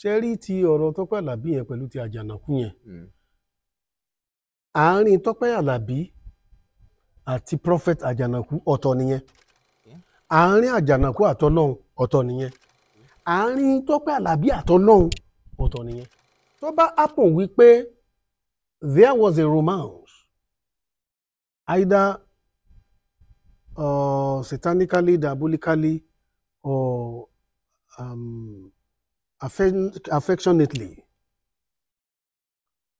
ṣe rí ti ọ̀rọ̀ Tọ́pẹ́ Àlàbí yẹn pẹ̀lú ti Àjànàkú yẹn hmm. àárín Tọ́pẹ́ Àlàbí àti prophet Àjànàkú ọ̀tọ̀ nìyẹn hmm. àárín Àjànàkú àtọlọ́hun ọ̀tọ̀ nìyẹn àárín Tọ́pẹ́ Àlàbí àtọlọ́hun ọ̀tọ̀ nìyẹn tó bá happen wípé there was a romance either uh, satanically diabolically or um, affectionately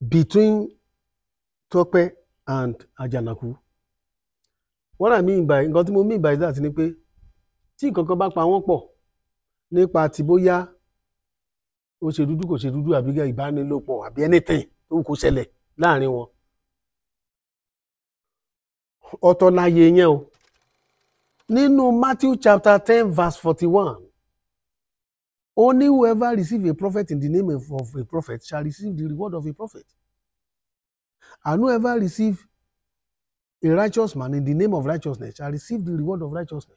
between Tọ́pẹ́ and Àjànàkú. What I mean by nǹkan tí mo mean by that ni pé tí nǹkan kan bá pa wọ́n pọ̀ nípa ti bóyá ó ṣe dúdú kò ṣe dúdú àbí ìbánilòpọ̀ àbí anything tó kò ṣẹlẹ̀ láàrin wọn. ọ̀tọ̀ láyé yẹn o nínú Matthew chapter ten verse forty-one Only whoever receives a prophet in the name of a prophet shall receive the reward of a prophet. And whoever receives a righteous man in the name of righteousness shall receive the reward of righteousness.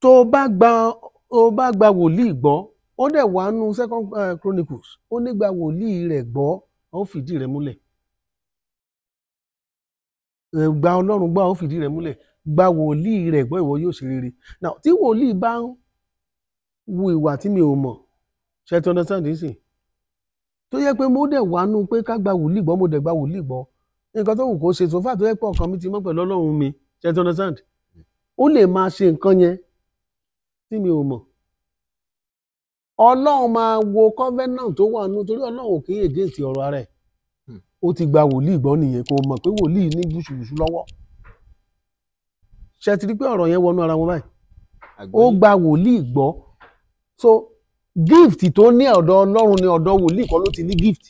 Tó o bá gba o bá gba wòlíì gbọ́, ó dẹ̀ wá nu second uh, chronicles, ó ní gba wòlíì rẹ̀ gbọ́, ó fìdí rẹ̀ múlẹ̀. Gba Ọlọ́run gbọ́, ó fìdí rẹ̀ múlẹ̀. Gba wòlíì rẹ̀ gbọ́, ìwọ yóò ṣe rere. Now tí wòlíì bá ń wu ìwà tí mi ò mọ̀ ṣe ti understand yìí sì tó yẹ pé mo dẹ̀ wá nú pé ká gba wòlíì gbọ́ mo dẹ̀ gba wòlíì gbọ́ nǹkan tó wù kó ṣe sòfà tó yẹ pé ọkàn mi ti mọ́ pẹ̀lú ọlọ́run mi ṣe ti understand ó lè máa ṣe nǹkan yẹn tí mi ò mọ̀ ọlọ́run máa wo covenant tó wà nú torí ọlọ́run kì í against ọ̀rọ̀ ara ẹ̀ hmm. ó ti gba wòlíì gbọ́ nìyẹn kó mọ̀ pé wòlíì ní gbùsùgbùsù lọ́wọ́ ṣe ti so gift tó ní ọ̀dọ̀ ọlọ́run ni ọ̀dọ̀ wòlíì kan ló ti ní gift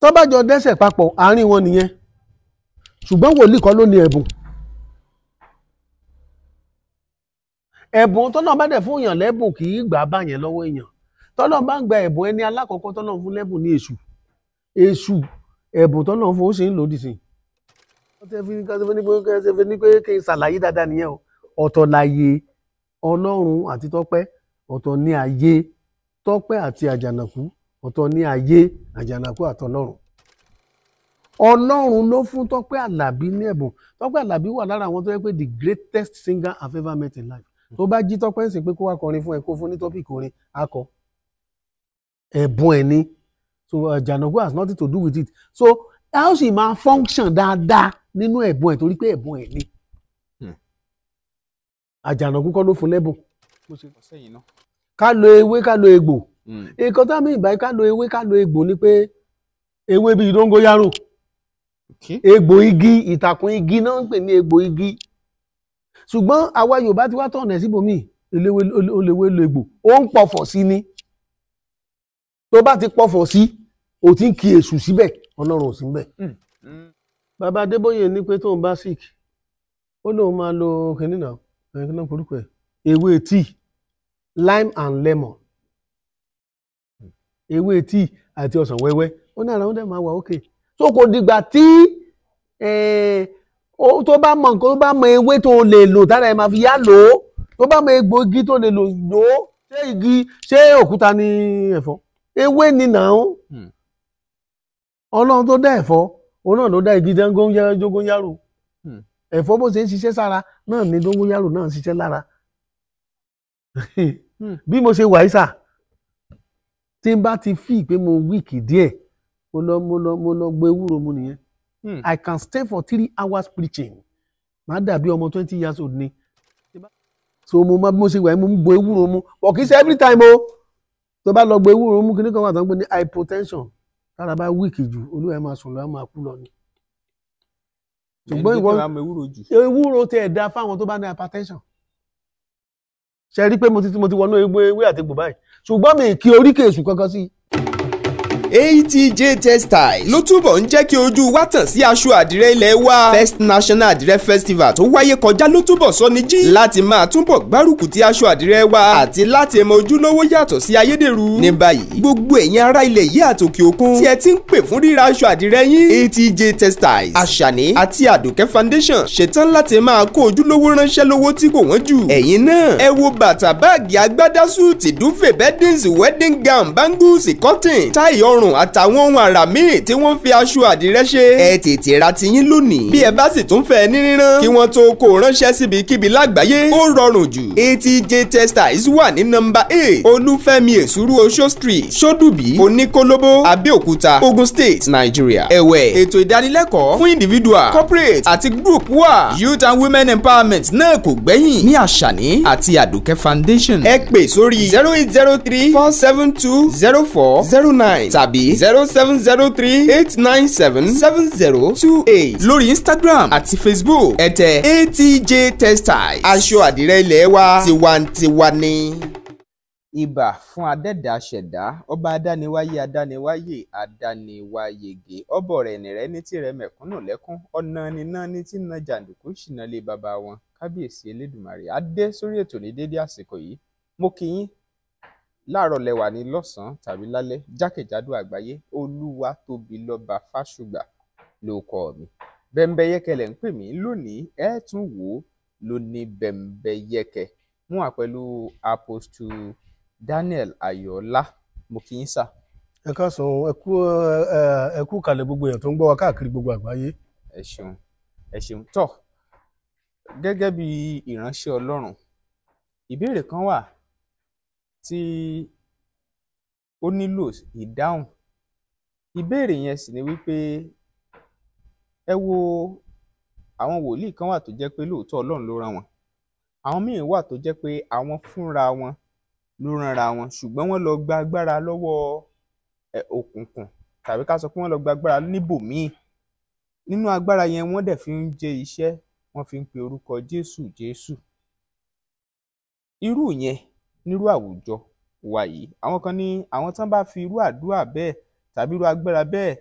tó bá jọ dẹ́sẹ̀ papọ̀ àárín wọn nìyẹn ṣùgbọ́n wòlíì kan ló ní ẹ̀bùn ẹ̀bùn tọ́nà bá dẹ̀ fún èèyàn lẹ́bùn kì í gbà á bàyẹn lọ́wọ́ èèyàn tọ́nà bá ń gba ẹ̀bùn ẹni alákọ̀ọ́kọ́ tọ́nà fún lẹ́bùn ní èṣù èṣù ẹ̀bùn tọ́nà fún ó ṣe ń lòdì sí i o ọ̀tọ̀ láyé ọlọ́run àti tọ́pẹ́ ọ̀tọ̀ ní ayé tọ́pẹ́ àti àjànàkú ọ̀tọ̀ ní ayé àjànàkú àtọlọ́run ọlọ́run ló fún tọ́pẹ́ àlàbí ní ẹ̀bùn tọ́pẹ́ àlàbí wà lára àwọn tó yẹ pé the greatest singer I've ever met in life tó bá jí tọ́pẹ́ ń sìn pé kó wá kọrin fún ẹ kó fún ní tọ́pìkì orin akọ ẹ̀bùn ẹ̀ ni so àjànàkú has nothing to do with it so how she máa function dáadáa nínú ẹ̀bùn ẹ̀ torí pé ẹ̀bùn ẹ̀ ni hmm. àjànàkú kọ́ ló fún lẹ́bùn. mo ṣe kọ́ sẹ́yìn náà ká lo ewé ká lo egbò hmm. nǹkan tá mi ìbáyìí ká lo ewé ká lo egbò ni pé ewé bíi dóngóyárò egbò igi ìtàkùn igi náà ń pè ní egbò igi ṣùgbọ́n àwa Yorùbá ti wá tọ̀nà síbòmíì eléwé olèwé lo egbò ó ń pọ̀fọ̀ sí ni tó bá ti pọ̀fọ̀ sí ò ti ń kí èṣù síbẹ̀ ọlọ́run ò sí níbẹ̀. Hmm. bàbá Adébóyè ní pé tóun bá sick ó lóun máa lo kìnìún náà kìnìún náà forúkọ ẹ̀ ewé tíì lime and lemon ewé tíì àti ọsàn wẹ́wẹ́ ó ní ara wọn dẹ̀ máa wà ókè tó kò dìgbà tí eh, tó bá mọ nǹkan tó bá mọ ewé tó lè lò tára ẹ̀ máa fi yá lò ó tó bá mọ egbò igi tó lè lò lò ó ṣé igi ṣé òkúta ni ẹ̀fọ́ ewé ni nàá hmm. ọlọ́run tó dá ẹ̀fọ́ òun náà ló dá igi dógóńyárò hmm. ẹ̀fọ́ bó ṣe ń ṣiṣẹ́ sára náà ni dógóńyárò náà ń ṣiṣẹ́ lára Hmm. bí mo ṣe wà yìí tí n bá ti fi pé mo wíìkì díẹ̀ mo lọ mo lọ mo lọ gbé ewúro mu nìyẹn hmm. i can stay for three hours preaching màá dàbí ọmọ twenty years old ni so mo máa bí mo ṣe wà yìí mo ń ewúro mu but kì í ṣe every time o tó bá lọ gbé ewúro mu kíní kan wà tó ń pè ní hypotension tára bá wíìkì jù olúwa ẹ máa sùn lọ ẹ máa kú lọ ni ṣùgbọ́n ìwọ ewúro tẹ̀ dá fáwọn tó bá ní hypertension ṣe rí i pé mo ti wọnú ewé àtegbò báyìí ṣùgbọ́n mi kí oríkèésù kankan sí i. ATJ Textiles ló túbọ̀ ń jẹ́ kí ojú wa tàn sí aṣọ àdìrẹ ilẹ̀ wa First National Àdìrẹ Festival tó wáyé kọjá ló túbọ̀ sọ ní jí láti máa túbọ̀ gbárùkù ti aṣọ àdìrẹ wa àti láti mọ ojúlówó yàtọ̀ sí ayédèrú ní báyìí gbogbo ẹ̀yin ará ilẹ̀ yìí àti òkè òkun tí ẹ ti ń pè fún ríra aṣọ àdìrẹ yín ATJ Textiles Àṣàní àti Àdùkẹ́ Foundation ṣetán láti máa kó ojúlówó ránṣẹ́ lówó tí kò wọ́n jù ẹ̀yin náà ẹ wo bàtà báàgì agbádá súùtì dúfèé bẹ́díǹsì wedding gown bangles cotton táì ọrùn ọrùn àtàwọn ohun àrà míì tí wọ́n fi aṣọ àdìrẹ́ ṣe ẹ tètè ra tiyín lónìí bí ẹ bá sì tún fẹ́ ní rírán kí wọ́n tó kó ránṣẹ́ síbikíbi lágbàáyé ó rọrùn jù ATJ Textiles wà ní nọ́mbà eight olúfẹ́mi èsúrú oṣó street ṣódùbí oníkólóbó abẹ́òkúta ogun state nigeria ẹ̀wẹ̀ ètò ìdánilẹ́kọ̀ọ́ fún individual corporate àti group wà youth and women empowerment náà kò gbẹ́yìn ní àṣàní àti àdùkẹ́ foundation ẹ pè sórí zero eight zero three four seven two zero four zero nine tàbí tàbí zero seven zero three eight nine seven seven zero two eight lórí Instagram àti Facebook ẹ̀tẹ̀ ATJ Textiles aṣọ àdìrẹ ilé wa tiwantiwa ni. Ìbà fún adẹ́dàá ṣẹ̀dá ọba adániwáyé adániwáyé adániwáyege ọbọ̀ rẹ̀ nìrẹ́ ní tìrẹ mẹ̀kúnnù lẹ́kún ọ̀nà níná ní tí na jàǹdùkú ṣìnà lé bàbá wọn kábíyèsí Elédùmarè adé sórí ètò ní dédé àsìkò yìí mo kì í láàárọ̀ lẹwà ní lọ́sànán tàbí lálẹ́ jákèjádò àgbáyé olúwatóbi lọba fásùgbà ló kọ mi bẹńbẹyẹkẹ lẹ ń pè mí lónìí ẹ tún wò ó ló ní bẹńbẹyẹkẹ mú wá pẹ̀lú apostu daniel ayọọlá mo kì í sà. ẹ káàsán ẹkú ẹkú kalẹ̀ gbogbo èèyàn tó ń gbọ́ wa káàkiri gbogbo àgbáyé. ẹ ṣeun ẹ ṣeun tó gẹ́gẹ́ bí ìránṣẹ́ Ọlọ́run ìbéèrè kan wà tí ó nílò ìdáhùn ìbéèrè yẹn sì ni wípé ẹ wo àwọn wòlíì kan wà tó jẹ́ pé lóòótọ́ Ọlọ́run ló rán wọn àwọn míì wà tó jẹ́ pé àwọn fúnra wọn ló ránra wọn ṣùgbọ́n wọ́n lọ gba agbára lọ́wọ́ òkùnkùn tàbí ká sọ pé wọ́n lọ gba agbára níbòmíì nínú agbára yẹn wọ́n dẹ̀ fi ń jẹ iṣẹ́ wọ́n fi ń pe orúkọ Jésù Jésù irú yẹn nírú àwùjọ wa yìí àwọn kan ní àwọn tán bá fi irú àdúrà bẹ́ẹ̀ tàbí irú agbára bẹ́ẹ̀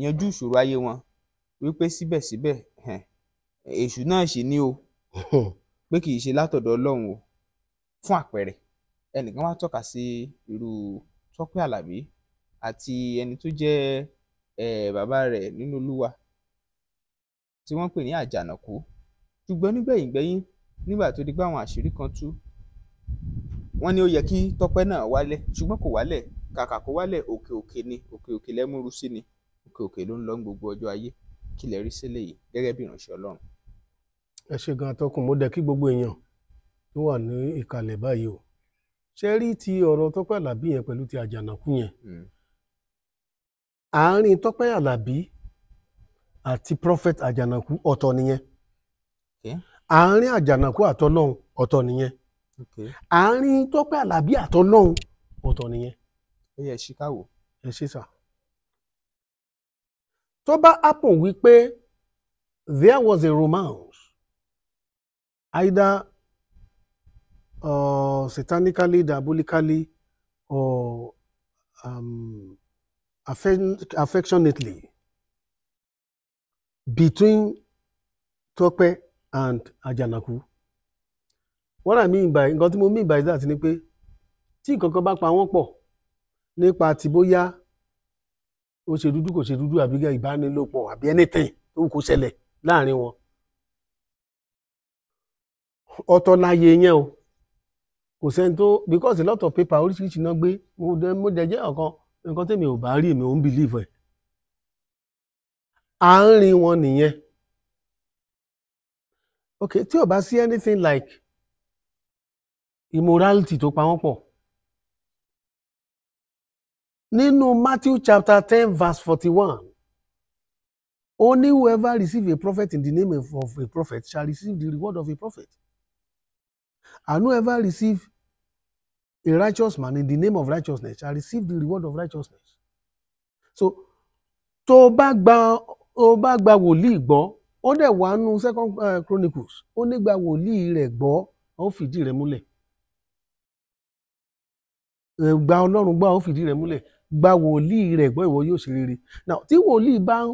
yanjú ìṣòro ayé wọn wípé síbẹ̀síbẹ̀ èṣù náà ṣì ní o pé kì í ṣe látọ̀dọ̀ ọlọ́run o fún àpẹẹrẹ ẹnìkan wá tọ́ka sí irú Tọ́pẹ́ Àlàbí àti ẹni tó jẹ́ um bàbá rẹ̀ nínú Olúwa tí wọ́n pè ní Àjànàkú ṣùgbọ́n nígbẹ̀yìn gbẹ́yín nígbà tó di pé àwọn àṣírí kan tú wọ́n ní ó yẹ kí Tọ́pẹ́ náà wálẹ̀ ṣùgbọ́n kò wálẹ̀ kàkà kó wálẹ̀ òkè òkè ni òkè òkè lẹ́múrú sí ni òkè òkè ló ń lọ gbogbo ọjọ́ ayé kí lẹ rí sílẹ̀ yìí gẹ́gẹ́ bí ìránṣẹ́ Ọlọ́run. ẹ ṣe gan atọ́kùn mo dẹ kí gbogbo èèyàn tó wà ní ìkàlẹ̀ báyìí o ṣe rí ti ọ̀rọ̀ Tọ́pẹ́ Àlàbí yẹn pẹ̀lú ti Àjànàkú yẹn hmm. àárín Tọ́pẹ́ Àlàbí àti prophet Àjànàkú ọ̀tọ̀ nìyẹn àárín Àjànàkú àtọlọ́run ọ̀tọ̀ nìyẹn àárín tọ́pẹ́ àlàbí àtọ́lọ́hún ọ̀tọ̀ nìyẹn. ó yẹ ṣíkàwò. ẹ ṣe sà. tó bá happen wípé there was a romance either uh, satanically diabolically or um, affectionately between Tope and Ajanaku what I mean by nǹkan tí mo mean by that ni pé tí nǹkan kan bá pa wọ́n pọ̀ nípa ti bóyá ó ṣe dúdú kò ṣe dúdú àbí ìbánilòpọ̀ àbí anything tó kò ṣẹlẹ̀ láàrin wọn. ọ̀tọ̀ láàyè yẹn o kò sẹ́ni tó because a lot of paper oríṣiríṣi náà gbé mo dẹ̀ jẹ́ ọ̀kan nǹkan tèmi ò bá rí èmi ò ń believe ẹ̀. àárín wọn nìyẹn. ok tí ò bá sí anything like immorality tó pa wọ́n pọ̀. Nínú Matthew chapter ten verse forty-one, only whoever receive a prophet in the name of a prophet shall receive the reward of a prophet. And whoever receive a righteous man in the name of righteousness shall receive the reward of righteousness. So tó o bá gba o bá gba wòlíì gbọ́ ó dẹ̀ wá nú second eh, chronicles ó ní gba wòlíì rẹ̀ gbọ́ ó fìdí rẹ̀ múlẹ̀ gba ọlọ́run gbọ́ àwọn fìdí rẹ̀ múlẹ̀ gba wòlíì rẹ̀ gbọ́ ìwọ yóò ṣe rere now tí wòlíì bá ń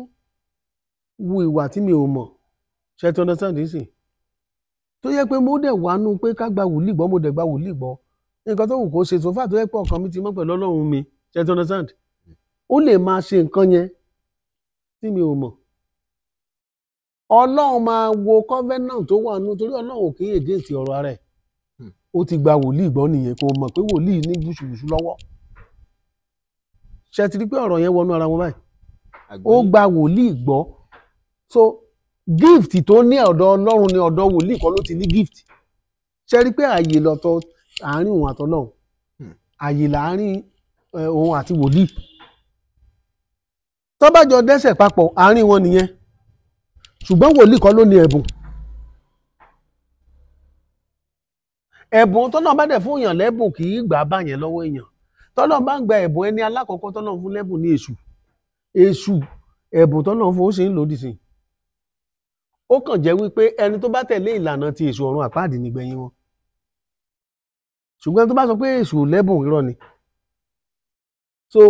wu ìwà tí mi ò mọ̀ ṣe ti understand this thing tó yẹ pé mo dẹ̀ wá nú pé ká gba wòlíì gbọ́ mo dẹ̀ gba wòlíì gbọ́ nǹkan tó wù kó ṣe tó tó yẹ pé ọkàn mi ti mọ́ pẹ̀lú ọlọ́run mi ṣe ti understand ó lè máa ṣe nǹkan yẹn tí mi ò mọ̀ ọlọ́run máa wo covenant tó wà nú torí ọlọ́run kì í against ọ̀rọ̀ ara ẹ̀ ó ti gba wòlíì gbọ́ nìyẹn kò mọ̀ pé wòlíì ní gbùsùgbùsù lọ́wọ́ ṣe ti rí pé ọ̀rọ̀ yẹn wọnú ara wọn báyìí ó gba wòlíì gbọ́ so gift tó ní ọ̀dọ̀ ọlọ́run ní ọ̀dọ̀ wòlíì kan ló ti ní gift ṣe rí pé ààyè lọ́tọ̀ àárín òun àtọ́lọ́run hmm. ààyè láàárín òun àti wòlíì tó bá jọ dẹ́ṣẹ̀ papọ̀ àárín wọn nìyẹn ṣùgbọ́n wòlíì kan ló ní ẹ̀bùn. E ẹ̀bùn tọ́lọ́ bá dẹ̀ fún èèyàn lẹ́bùn kì í gbà báyẹn lọ́wọ́ èèyàn tọ́lọ́ bá ń gba ẹ̀bùn ẹni alákọ̀ọ́kọ́ tọ́lọ́ fún lẹ́bùn ní èṣù èṣù ẹ̀bùn tọ́lọ́ fún ó ṣe ń lòdì sí i ó kàn jẹ́ wípé ẹni tó bá tẹ̀lé ìlànà ti èṣù ọ̀run àpáàdì nígbẹ̀yìn wọn ṣùgbọ́n tó bá sọ pé èṣù lẹ́bùn irọ́ ni so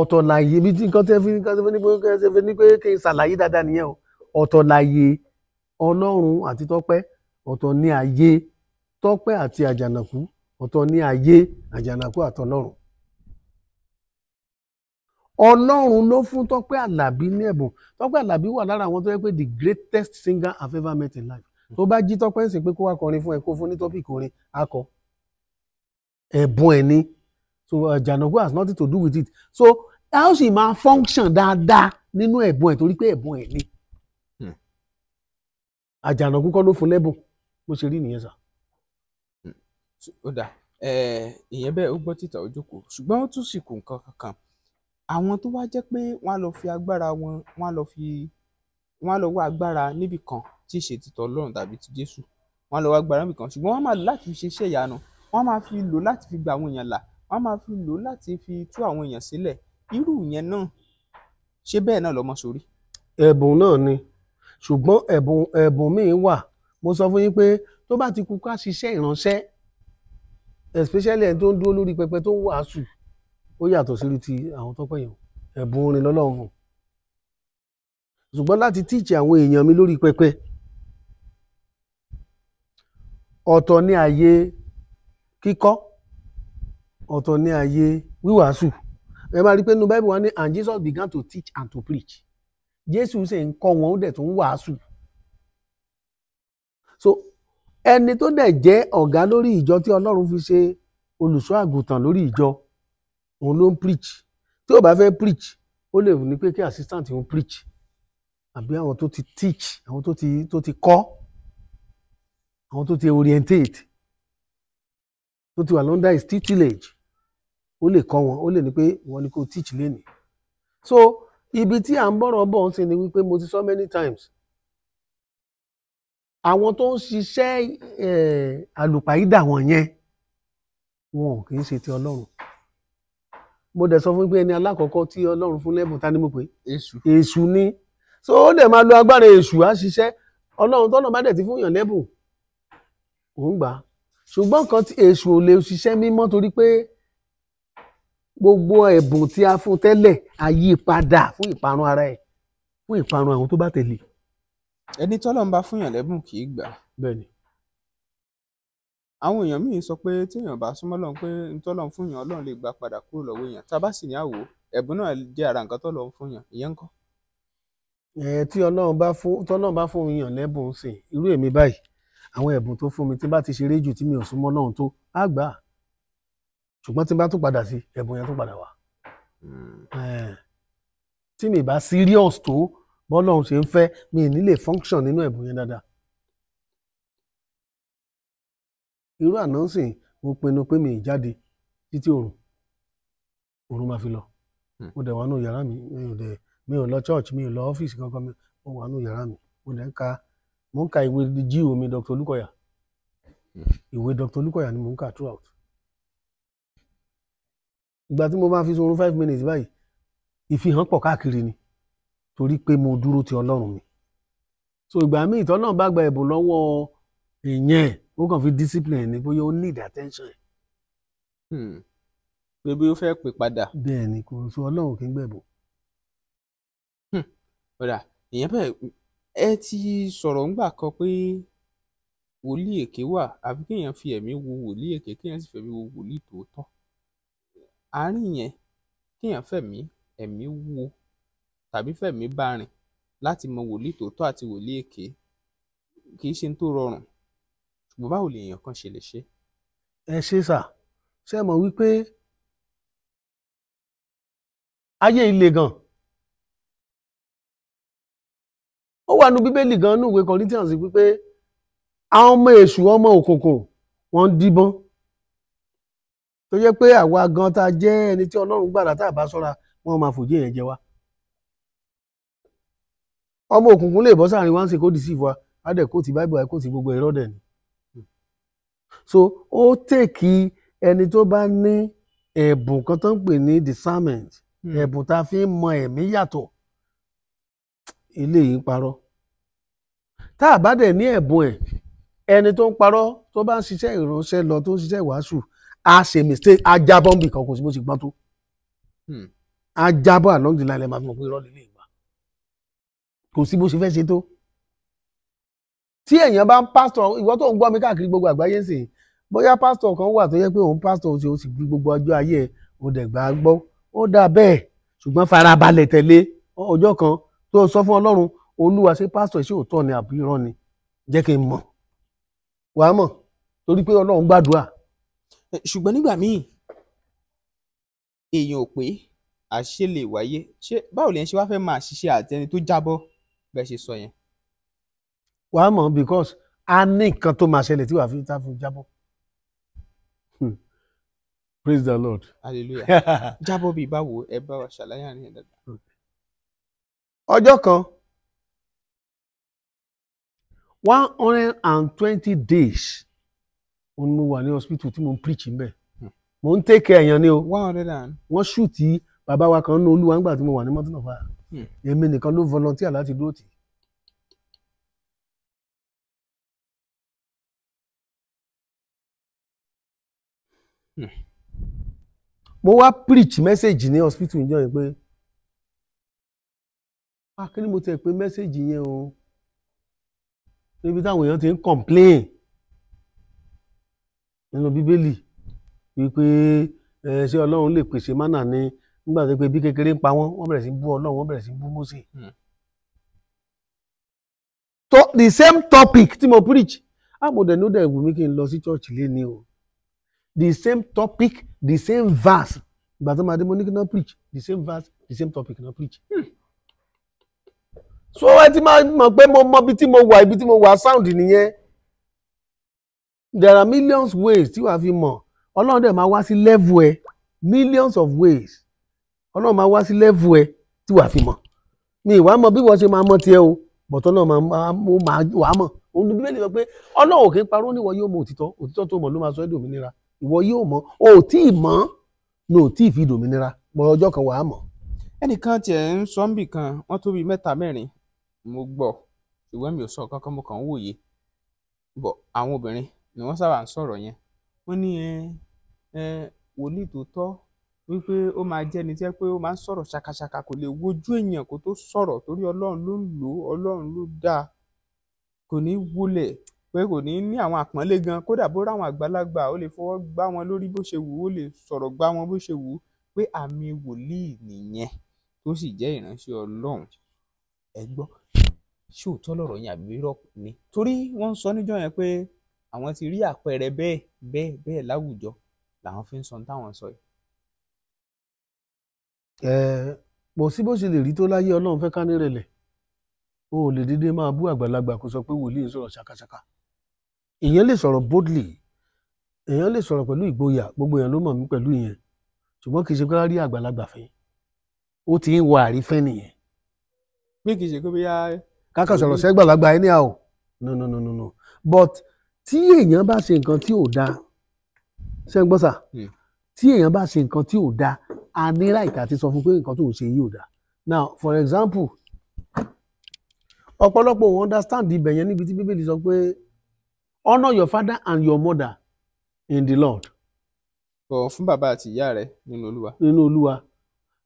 ọ̀tọ̀ láàyè bí tí nǹkan tẹ́ fi nǹkan tẹ́ fi ní pé tẹ́ fi ní pé kí n ṣàlàyé dáadáa nìyẹn o ọ̀tọ̀ láàyè ọlọ́run àti tọ́pẹ́ ọ̀tọ̀ ní àyè tọ́pẹ́ àti àjànàkú ọ̀tọ̀ ní ayé àjànàkú àtọlọ́run ọlọ́run ló fún tọ́pẹ́ àlàbí ní ẹ̀bùn tọ́pẹ́ àlàbí wà lára àwọn tó yẹ pé the greatest singer I've ever met in life tó bá jí tọ́pẹ́ ń sìn pé kó wá kọrin fún ẹ kó fún ní tọ́pìkì orin akọ ẹ̀bùn ẹ̀ ni so àjànàkú has nothing to do with it so how she máa function dáadáa nínú ẹ̀bùn ẹ̀ torí pé ẹ̀bùn ẹ̀ ni hmm. àjànàkú kọ́ ló fún lẹ́bùn mo ṣe rí nìyẹn sá ó dà ìyẹn bẹ́ẹ̀ ó gbọ́ títà ó jókòó ṣùgbọ́n ó tún sì kù nǹkan kankan àwọn tó wá jẹ́ pé wọ́n á lọ fi agbára wọn wọ́n á lọ fi wọ́n á lọ wá agbára níbì kan tí ì ṣe títọ́ ọlọ́run tàbí ti jésù wọ́n á lọ wá agbára níbì kan ṣùgbọ́n wọ́n máa lò láti fi ṣe iṣẹ́ ìyanu wọ́n máa fi lò láti fi gba àwọn èèyàn là wọ́n máa fi lò láti fi tú àwọn èèyàn sílẹ̀ irú ìyẹn náà ṣé bẹ́ẹ̀ náà lọ́mọ sórí. ẹ̀bùn náà ni ṣùgbọ́n ẹ̀bùn ẹ̀bùn míì wà mo sọ fún yín pé tó bá ti kú ká ṣiṣẹ́ ìránṣẹ́ especially ẹni tó ń dúró lórí pẹpẹ tó ń wàásù ó yàtọ̀ sí ti àwọn tọ́pẹ́ yẹn ẹ̀bùn orin lọ́lọ́run fún ṣùgbọ́n láti tíìchì àwọn èèyàn mi lórí pẹpẹ ọ̀tọ̀ ní àyè kíkọ́ ọ̀tọ̀ ní àyè wíwàásù ẹ máa rí i pé nínú Bible wọn ní and Jesus began to teach and to preach Jesus sì ń kọ́ wọn ó dẹ̀ tó ń wàásù so ẹni tó dẹ̀ jẹ́ ọ̀gá lórí ìjọ tí ọlọ́run fi ṣe olùṣọ́ àgùntàn lórí ìjọ òun ló ń preach tí ò bá fẹ́ preach ó lè ní pé kí assistant òun preach àbí àwọn tó ti teach àwọn tó ti tó ti kọ́ àwọn tó ti orientate tó ti wà lọ́ndà his tutelage ó lè kọ́ wọn ó lè ní pé wọn ni kò teach lénìí so ibi tí à ń bọ̀rọ̀ bọ̀ ń sin ni wípé mo ti sọ many times àwọn tó ń ṣiṣẹ́ àlùpàídà wọ̀nyẹn wọn ò kì í ṣe ti ọlọ́run mo dẹ̀ sọ fún pé ẹni alákọ̀ọ́kọ́ tí ọlọ́run fún lẹ́bùn ta ni mo pè é èṣù ni so ó dẹ̀ máa lo agbára èṣù á ṣiṣẹ́ ọlọ́run tọ́nà bá dẹ̀ ti fún yàn lẹ́bùn òun gbà á ṣùgbọ́n kan tí èṣù ò lè ṣiṣẹ́ mímọ́ torí pé gbogbo ẹ̀bùn tí a fún tẹ́lẹ̀ àyípadà fún ìparun ara ẹ̀ fún ìparun àwọn tó bá tẹ̀lé ẹni tọ́lọ́run bá fúnyàn lẹ́bùn kì í gbà á. bẹ́ẹ̀ni. àwọn èèyàn míì sọ pé téèyàn bá súnmọ́ lọ́run pé ntọ́lọ́run fúnyàn ọlọ́run lè gbà padà kúrò lọ́wọ́ èèyàn tá a bá sì ní àwò ẹ̀bùn náà jẹ́ ara nǹkan tọ́lọ́run fúnyàn ìyẹn ńkọ́. ẹ tí ọlọ́run bá fún tọ́lọ́run bá fún èèyàn lẹ́bùn sìn irú èmi báyìí àwọn ẹ̀bùn tó fún mi tí bá ti ṣeré jù tí mi ò súnmọ́ lọ́run tó á gbà ṣùgbọ́n tí bá tún bọ́lọ́run ṣe ń fẹ́ mi ì ní lè function nínú ẹ̀bùn yẹn dáadáa. irú ànánsìn mo pinnu pé mi ì jáde títí òrùn òrùn máa fi lọ hmm. mo dẹ̀ wà nù yàrá mi mi ò dẹ̀ mi ò lọ church mi ò lọ ọ́fíìsì kankan mi mo wà nù yàrá mi mo dẹ̀ ń ka mo ń ka ìwé jíò mi Dr. Olúkọ̀yà hmm. ìwé Dr. Olúkọ̀yà ni mo ń kà throughout ìgbà tí mo bá fi sorun five minutes báyìí ìfihàn pọ̀ káàkiri ni torí pé mo dúró ti ọlọ́run mi so ìgbà míì tọ́lọ́run bá gba ẹ̀bùn lọ́wọ́ èèyàn ó kàn fi discipline ní bóyá ó need attention. Hmm. pé bí ó fẹ́ pè padà. bẹ́ẹ̀ ni kò sọ ọlọ́run kì í gbẹ̀bùn. Hmm. ọ̀dà ìyẹn bẹ́ẹ̀ ẹ ti sọ̀rọ̀ ńgbà kan pé wòlíì èké wà àfi kéèyàn fi ẹ̀mí wo wòlíì èké kéèyàn sì fẹ̀mí wo wòlíì tòótọ́ àárín yẹn kéèyàn fẹ̀mí ẹ̀mí wo tàbí fẹ̀mí bá rìn láti mọ wòlíì tòótọ́ àti wòlíì èké kì í ṣe tó rọrùn ṣùgbọ́n báwo lèèyàn kan ṣe lè ṣe. ẹ ṣe sà ṣe mọ̀ wípé ayé ilé gan ó wà nínú bíbélì gan nínú ìwé Corinthians wípé àwọn ọmọ èṣù ọmọ òkùnkùn wọ́n ń díbọ́n tó yẹ pé àwa gan tá a ẹni tí Ọlọ́run gbàdá tá a bá ṣọ́ra wọ́n máa fòjì yẹn jẹ wá ọmọ òkùnkùn lè bọ́ sáàrin wá ń ṣe kó dì sí ìfọ adẹ kó ti báìbù àìkó ti gbogbo ìrọ́dẹ̀ ni. so ó tèkì ẹni tó bá ní ẹ̀bùn kan tó ń pè ní discernment hmm. ẹ̀bùn tá a fi ń mọ ẹ̀mí yàtọ̀ ilé yìí ń parọ́ tá a bá dẹ̀ ní ẹ̀bùn ẹ̀ ẹni tó ń parọ́ tó bá ń ṣiṣẹ́ ìránṣẹ́ lọ tó ń ṣiṣẹ́ ìwàásù a ṣe mistake ajabọ́ nbì kan kò sí bó ṣe gbọ́n tó hmm. ajabọ́ along the line ẹ̀ máa fi mọ̀ pé irọ́ lélẹ̀ kò sí bó ṣe fẹ́ ṣe tó tí èèyàn bá ń pásítọ̀ ìwọ tó ń gbọ́ mi káàkiri gbogbo àgbáyé sìn bóyá pásítọ̀ kan wà tó yẹ pé òun pásítọ̀ ṣe ó sì gbí gbogbo ọjọ́ ayé ẹ̀ òun dẹ̀gbà gbọ́ ó dà bẹ́ẹ̀ ṣùgbọ́n farabalẹ̀ tẹ̀lé ọjọ́ kan tó sọ fún Ọlọ́run Olúwa ṣé pásítọ̀ ṣé òótọ́ ni àbí irọ́ ni jẹ́ kí n mọ̀ wàá mọ̀ torí pé Ọlọ́run gbàdúrà. ṣùgbọ́n nígbà míì èèyàn ò pé àṣìṣe lè wáyé ṣé báwo lè ń ṣe wá fẹ́ máa ṣiṣẹ́ àtẹni tó jábọ́ bẹ́ẹ̀ ṣe sọ yẹn. wà á mọ̀ because a ní nǹkan tó máa ṣẹlẹ̀ tí wàá fi tá fi jábọ́. Hmm. praise the lord. hallelujah jábọ́ bíi báwo ẹ bá wa ṣàlàyé àárín ẹ̀ dáadáa. ọjọ́ kan one hundred and twenty days òun mo wà ní hospital tí mo ń preach mbẹ hmm. mo ń take care èèyàn ni o. one hundred and. wọ́n ṣùtì bàbá wa kan ní olúwa nígbà tí mo wà ní mọ́tò náà fáyà. Hmm. èmi nìkan ló volunteer láti dúró tì í. Hmm. mo wá preach message ní hospital ìjọ yẹn pé akíní ah, mo tẹ̀ pé message yẹn o níbi táwọn èèyàn ti ń complain nínú bíbélì wípé ẹ ṣé ọlọ́run lè pèsè mánà ni nígbà tó pé bí kékeré ń pa wọ́n wọ́n bẹ̀rẹ̀ sí bú Ọlọ́run wọ́n bẹ̀rẹ̀ sí bú Mósè. Hmm. the same topic tí mo preach amòdẹ̀nu dẹ̀ wù mí kí n lọ sí chọ́ọ̀chì lẹ́ni o the same topic the same verse ìgbà tó máa dé mo ní kí n preach the same verse the same topic n preach. Hmm. so ẹ ti máa mọ̀ pé mo mọ ibi tí mo wà ibi tí mo wà sound nìyẹn there are millions ways tí wàá fi mọ̀ Ọlọ́run dẹ̀ máa wá sí level ẹ millions of ways ọlọ́run máa wá sí lẹ́vù ẹ tí wàá fi mọ̀ mi ìwà mọ̀ bí wọ́n ṣe máa mọ̀ tiẹ̀ o bọ̀tọ́ náà máa wàá mọ̀ òun ni bíbélì sọ pé ọlọ́run kì í parọ́ níwọ̀ yóò mọ òtítọ́ òtítọ́ tó mọ̀ ló máa sọ ẹ́ dòmìnira ìwọ yóò mọ̀ o tí ì mọ̀ ló tí ì fi dòmìnira bọ̀ ọjọ́ kan wàá mọ̀. ẹnìkan tiẹ̀ ń sọ ń bì kan wọ́n tó bíi mẹ́ta mẹ́rin mo gbọ́ ṣùgbọ́n mi ò sọ kankan mo kàn ń wòye bọ̀ àwọn obìnrin ni wọ́n sábà ń sọ̀rọ̀ yẹn wọ́n ní ẹ ẹ wòlíì tó tọ́ wípé ó máa jẹ́ ẹni tí ẹ pé ó máa ń sọ̀rọ̀ ṣàkàṣàkà kò lè wojú èèyàn kó tó sọ̀rọ̀ torí ọlọ́run ló ń lò ó ọlọ́run ló dáa kò ní wulẹ̀ pé kò ní ní àwọn àpọ́nlé gan kódà bó ráwọn àgbàlagbà ó lè fọwọ́ gbá wọn lórí bó ṣe wù ú ó lè sọ̀rọ̀ gbá wọn bó ṣe wù ú pé àmì wòlíì nìyẹn tó sì jẹ́ ìránṣẹ́ ọlọ́run ẹ gbọ́ ṣé òótọ́ lọ̀rọ̀ yẹn àbí rọ̀ ni torí wọ́n ń sọ níjọ́ yẹn pé àwọn ti rí àpẹẹrẹ bẹ́ẹ̀ bẹ́ẹ̀ bẹ́ẹ̀ láwùjọ làwọn fi ń sọ táwọn sọ yìí pọ̀ sí bó ṣe lè rí tó láyé ọlọ́run fẹ́ ká nírẹ̀lẹ̀ o ò lè dédé máa bú àgbàlagbà kó sọ pé wòlíì ń sọ̀rọ̀ ṣàkàṣàkà èèyàn lè sọ̀rọ̀ boldly èèyàn lè sọ̀rọ̀ pẹ̀lú ìgboyà gbogbo èèyàn ló mọ̀ mí pẹ̀lú ìyẹn ṣùgbọ́n kì í ṣe pé rí àgbàlagbà fẹ́ ó ti ń wà àrífẹ́ nìyẹn. pé kì í ṣe pé bí a. kákà sọ̀rọ̀ sẹ́gbàlagbà ẹni à no no no no no but tí èèyàn bá ṣe nǹkan tí ò dáa ṣé ń gbọ́ sà hmm. tí èèyàn bá ṣe nǹkan tí ò dáa a ní láìka àti sọ fún pé nǹkan tó ń ṣe yìí ò dáa now for example ọ̀pọ̀lọpọ̀ wọn understand ibẹ̀ yẹn níbi tí bíbélì sọ pé honour your father and your mother in the Lord. bọ̀wọ̀ fún bàbá àti ìyá rẹ nínú Olúwa. nínú Olúwa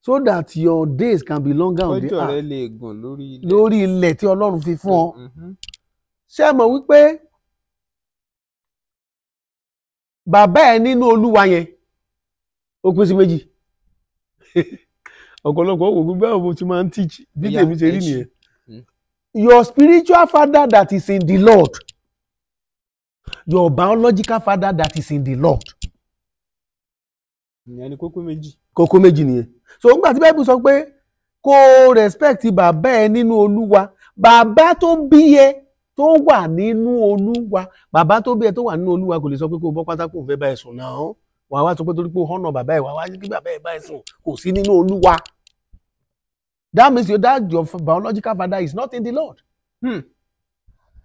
so that your days can be longer on the earth. ọjọ́ rẹ lè gùn lórí ilẹ̀. lórí ilẹ̀ tí Ọlọ́run fi fún ọ. Mm-hmm. ṣé ẹ mọ̀ wípé bàbá ẹ nínú Olúwa yẹn ó pín sí méjì. ọ̀pọ̀lọpọ̀ wò gbogbo àwọn ohun tí máa ń teach bí tèmi ṣe rí nìyẹn. Hmm. your spiritual father that is in the Lord your biological father that is in the Lord. ìyẹn ni kókó méjì. kókó méjì nìyẹn so nígbà tí Bible sọ pé kó o respect bàbá ẹ nínú Olúwa bàbá tó bí ẹ tó wà nínú Olúwa bàbá tó bí ẹ tó wà nínú Olúwa kò lè sọ pé kó o bọ́ pátákó fẹ́ bá sùn náà. wà wá sọ pé torí pé ọ̀nà bàbá ẹ̀ wà wá kí bàbá ẹ̀ bá ẹ̀ sùn kò sí nínú olúwa that means your dad your biological father is not in the Lord hmm.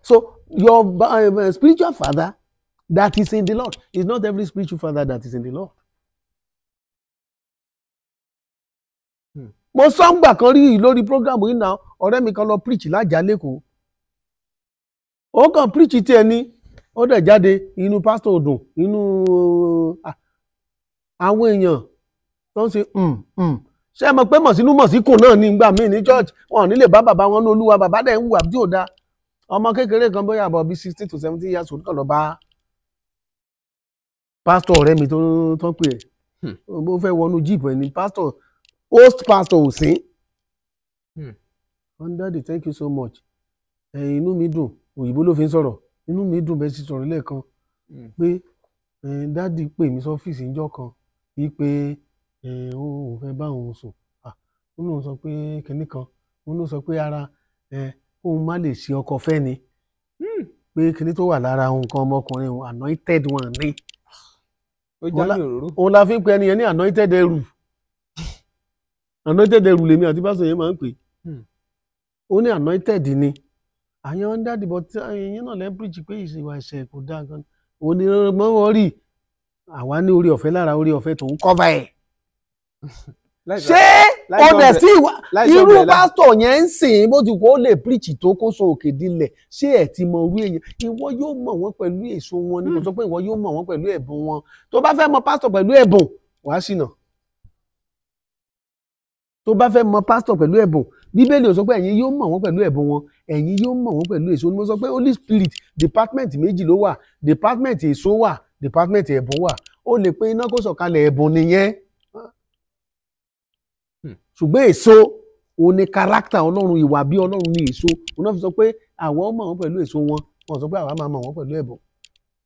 so your uh, spiritual father that is in the Lord is not every spiritual father that is in the Lord. Hmm. mo sọ́ngbà kan rí lórí program yìí náà ọ̀rẹ́ mi kan lọ preach lájà lẹ́kọ̀ọ́ ó kàn preach tiẹ̀ ni ó dẹ̀ jáde inú pásítọ̀ ọ̀dùn inú ah, àwọn èèyàn tó ń ṣe hmm, hmm. ṣé ẹ mọ̀ pé mọ̀sínú mọ̀síkù náà ní ìgbà míì ní church wọn ò ní lè bá bàbá wọn ní olúwa bàbá dẹ̀ ń wù àbí òda ọmọ kékeré kan bóyá àbọ̀ bíi sixteen to seventeen years old kàn lọ bá pásítọ̀ ọ̀rẹ́ mi tó tán pè ẹ̀ hmm. ó fẹ́ wọnú jíìpù ẹ̀ ní pásítọ̀ host pastor ò sí. wọ́n dáàdì thank you so much ẹ̀yin inú mi dùn òyìnbó ló fi ń sọ̀rọ̀ inú mi dùn bẹ́ẹ̀ sì sọ̀rọ̀ lẹ́ẹ̀kan pé dáàdì pè mí sọ́fíìsì níjọ́ kan wípé um òun fẹ́ bá òun sùn um òun lòun sọ pé kinní kan òun ló sọ pé ara um kóun má lè ṣe ọkọ fẹ́ ni um pé kinní tó wà lára nǹkan ọmọkùnrin òun anointed one ni. ó já ní òróró. òun la fi ń pe ẹni yẹn ní anointed ẹrù anointed ẹrù lèmi àti pásọ yẹn máa ń pè hmm. ó ní anointed ni àyàn ń dádìbò tí ẹyin náà lẹ́ bíríjì pé ìṣèwà ẹ̀ṣẹ̀ kò dáa gan òun ni mo rí i àwa ní orí ọ̀fẹ́ lára orí ọ̀fẹ́ tó ń kọ́fà ẹ̀ ṣé ọ̀dẹ̀ sí irú pásítọ̀ yẹn ń sìn bó ti kó lè píríìchì tó kó so òkè dilẹ̀ ṣé ẹ̀ ti mọ orí èèyàn ìwọ yóò mọ̀ wọ́n pẹ̀lú èso wọn ni mo hmm. sọ pé ìwọ yóò mọ̀ wọ́n pẹ̀lú ẹ̀bùn wọn tó bá fẹ́ mọ pásítọ̀ pẹ̀lú ẹ̀bùn wàá ṣìnà tó bá fẹ́ mọ pásítọ̀ pẹ̀lú ẹ̀bùn bíbélì ò sọ pé ẹ̀yin yóò mọ̀ wọ́n pẹ̀lú ẹ̀bùn wọn ẹ̀yin yóò mọ̀ wọ́n pẹ̀lú èso ni mo sọ pé holy spirit department méjì ló wà department èso wà department ẹ̀bùn wà ó lè pé iná kó sọ̀kalẹ̀ ẹ̀bùn nìyẹn hmm. ṣùgbọ́n èso òun ni character ọlọ́run ìwà bí ọlọ́run ni èso òun náà fi sọ pé àwọn ọmọ wọn pẹ̀lú èso wọn wọn sọ pé àwa máa mọ wọn pẹ̀lú ẹ̀bùn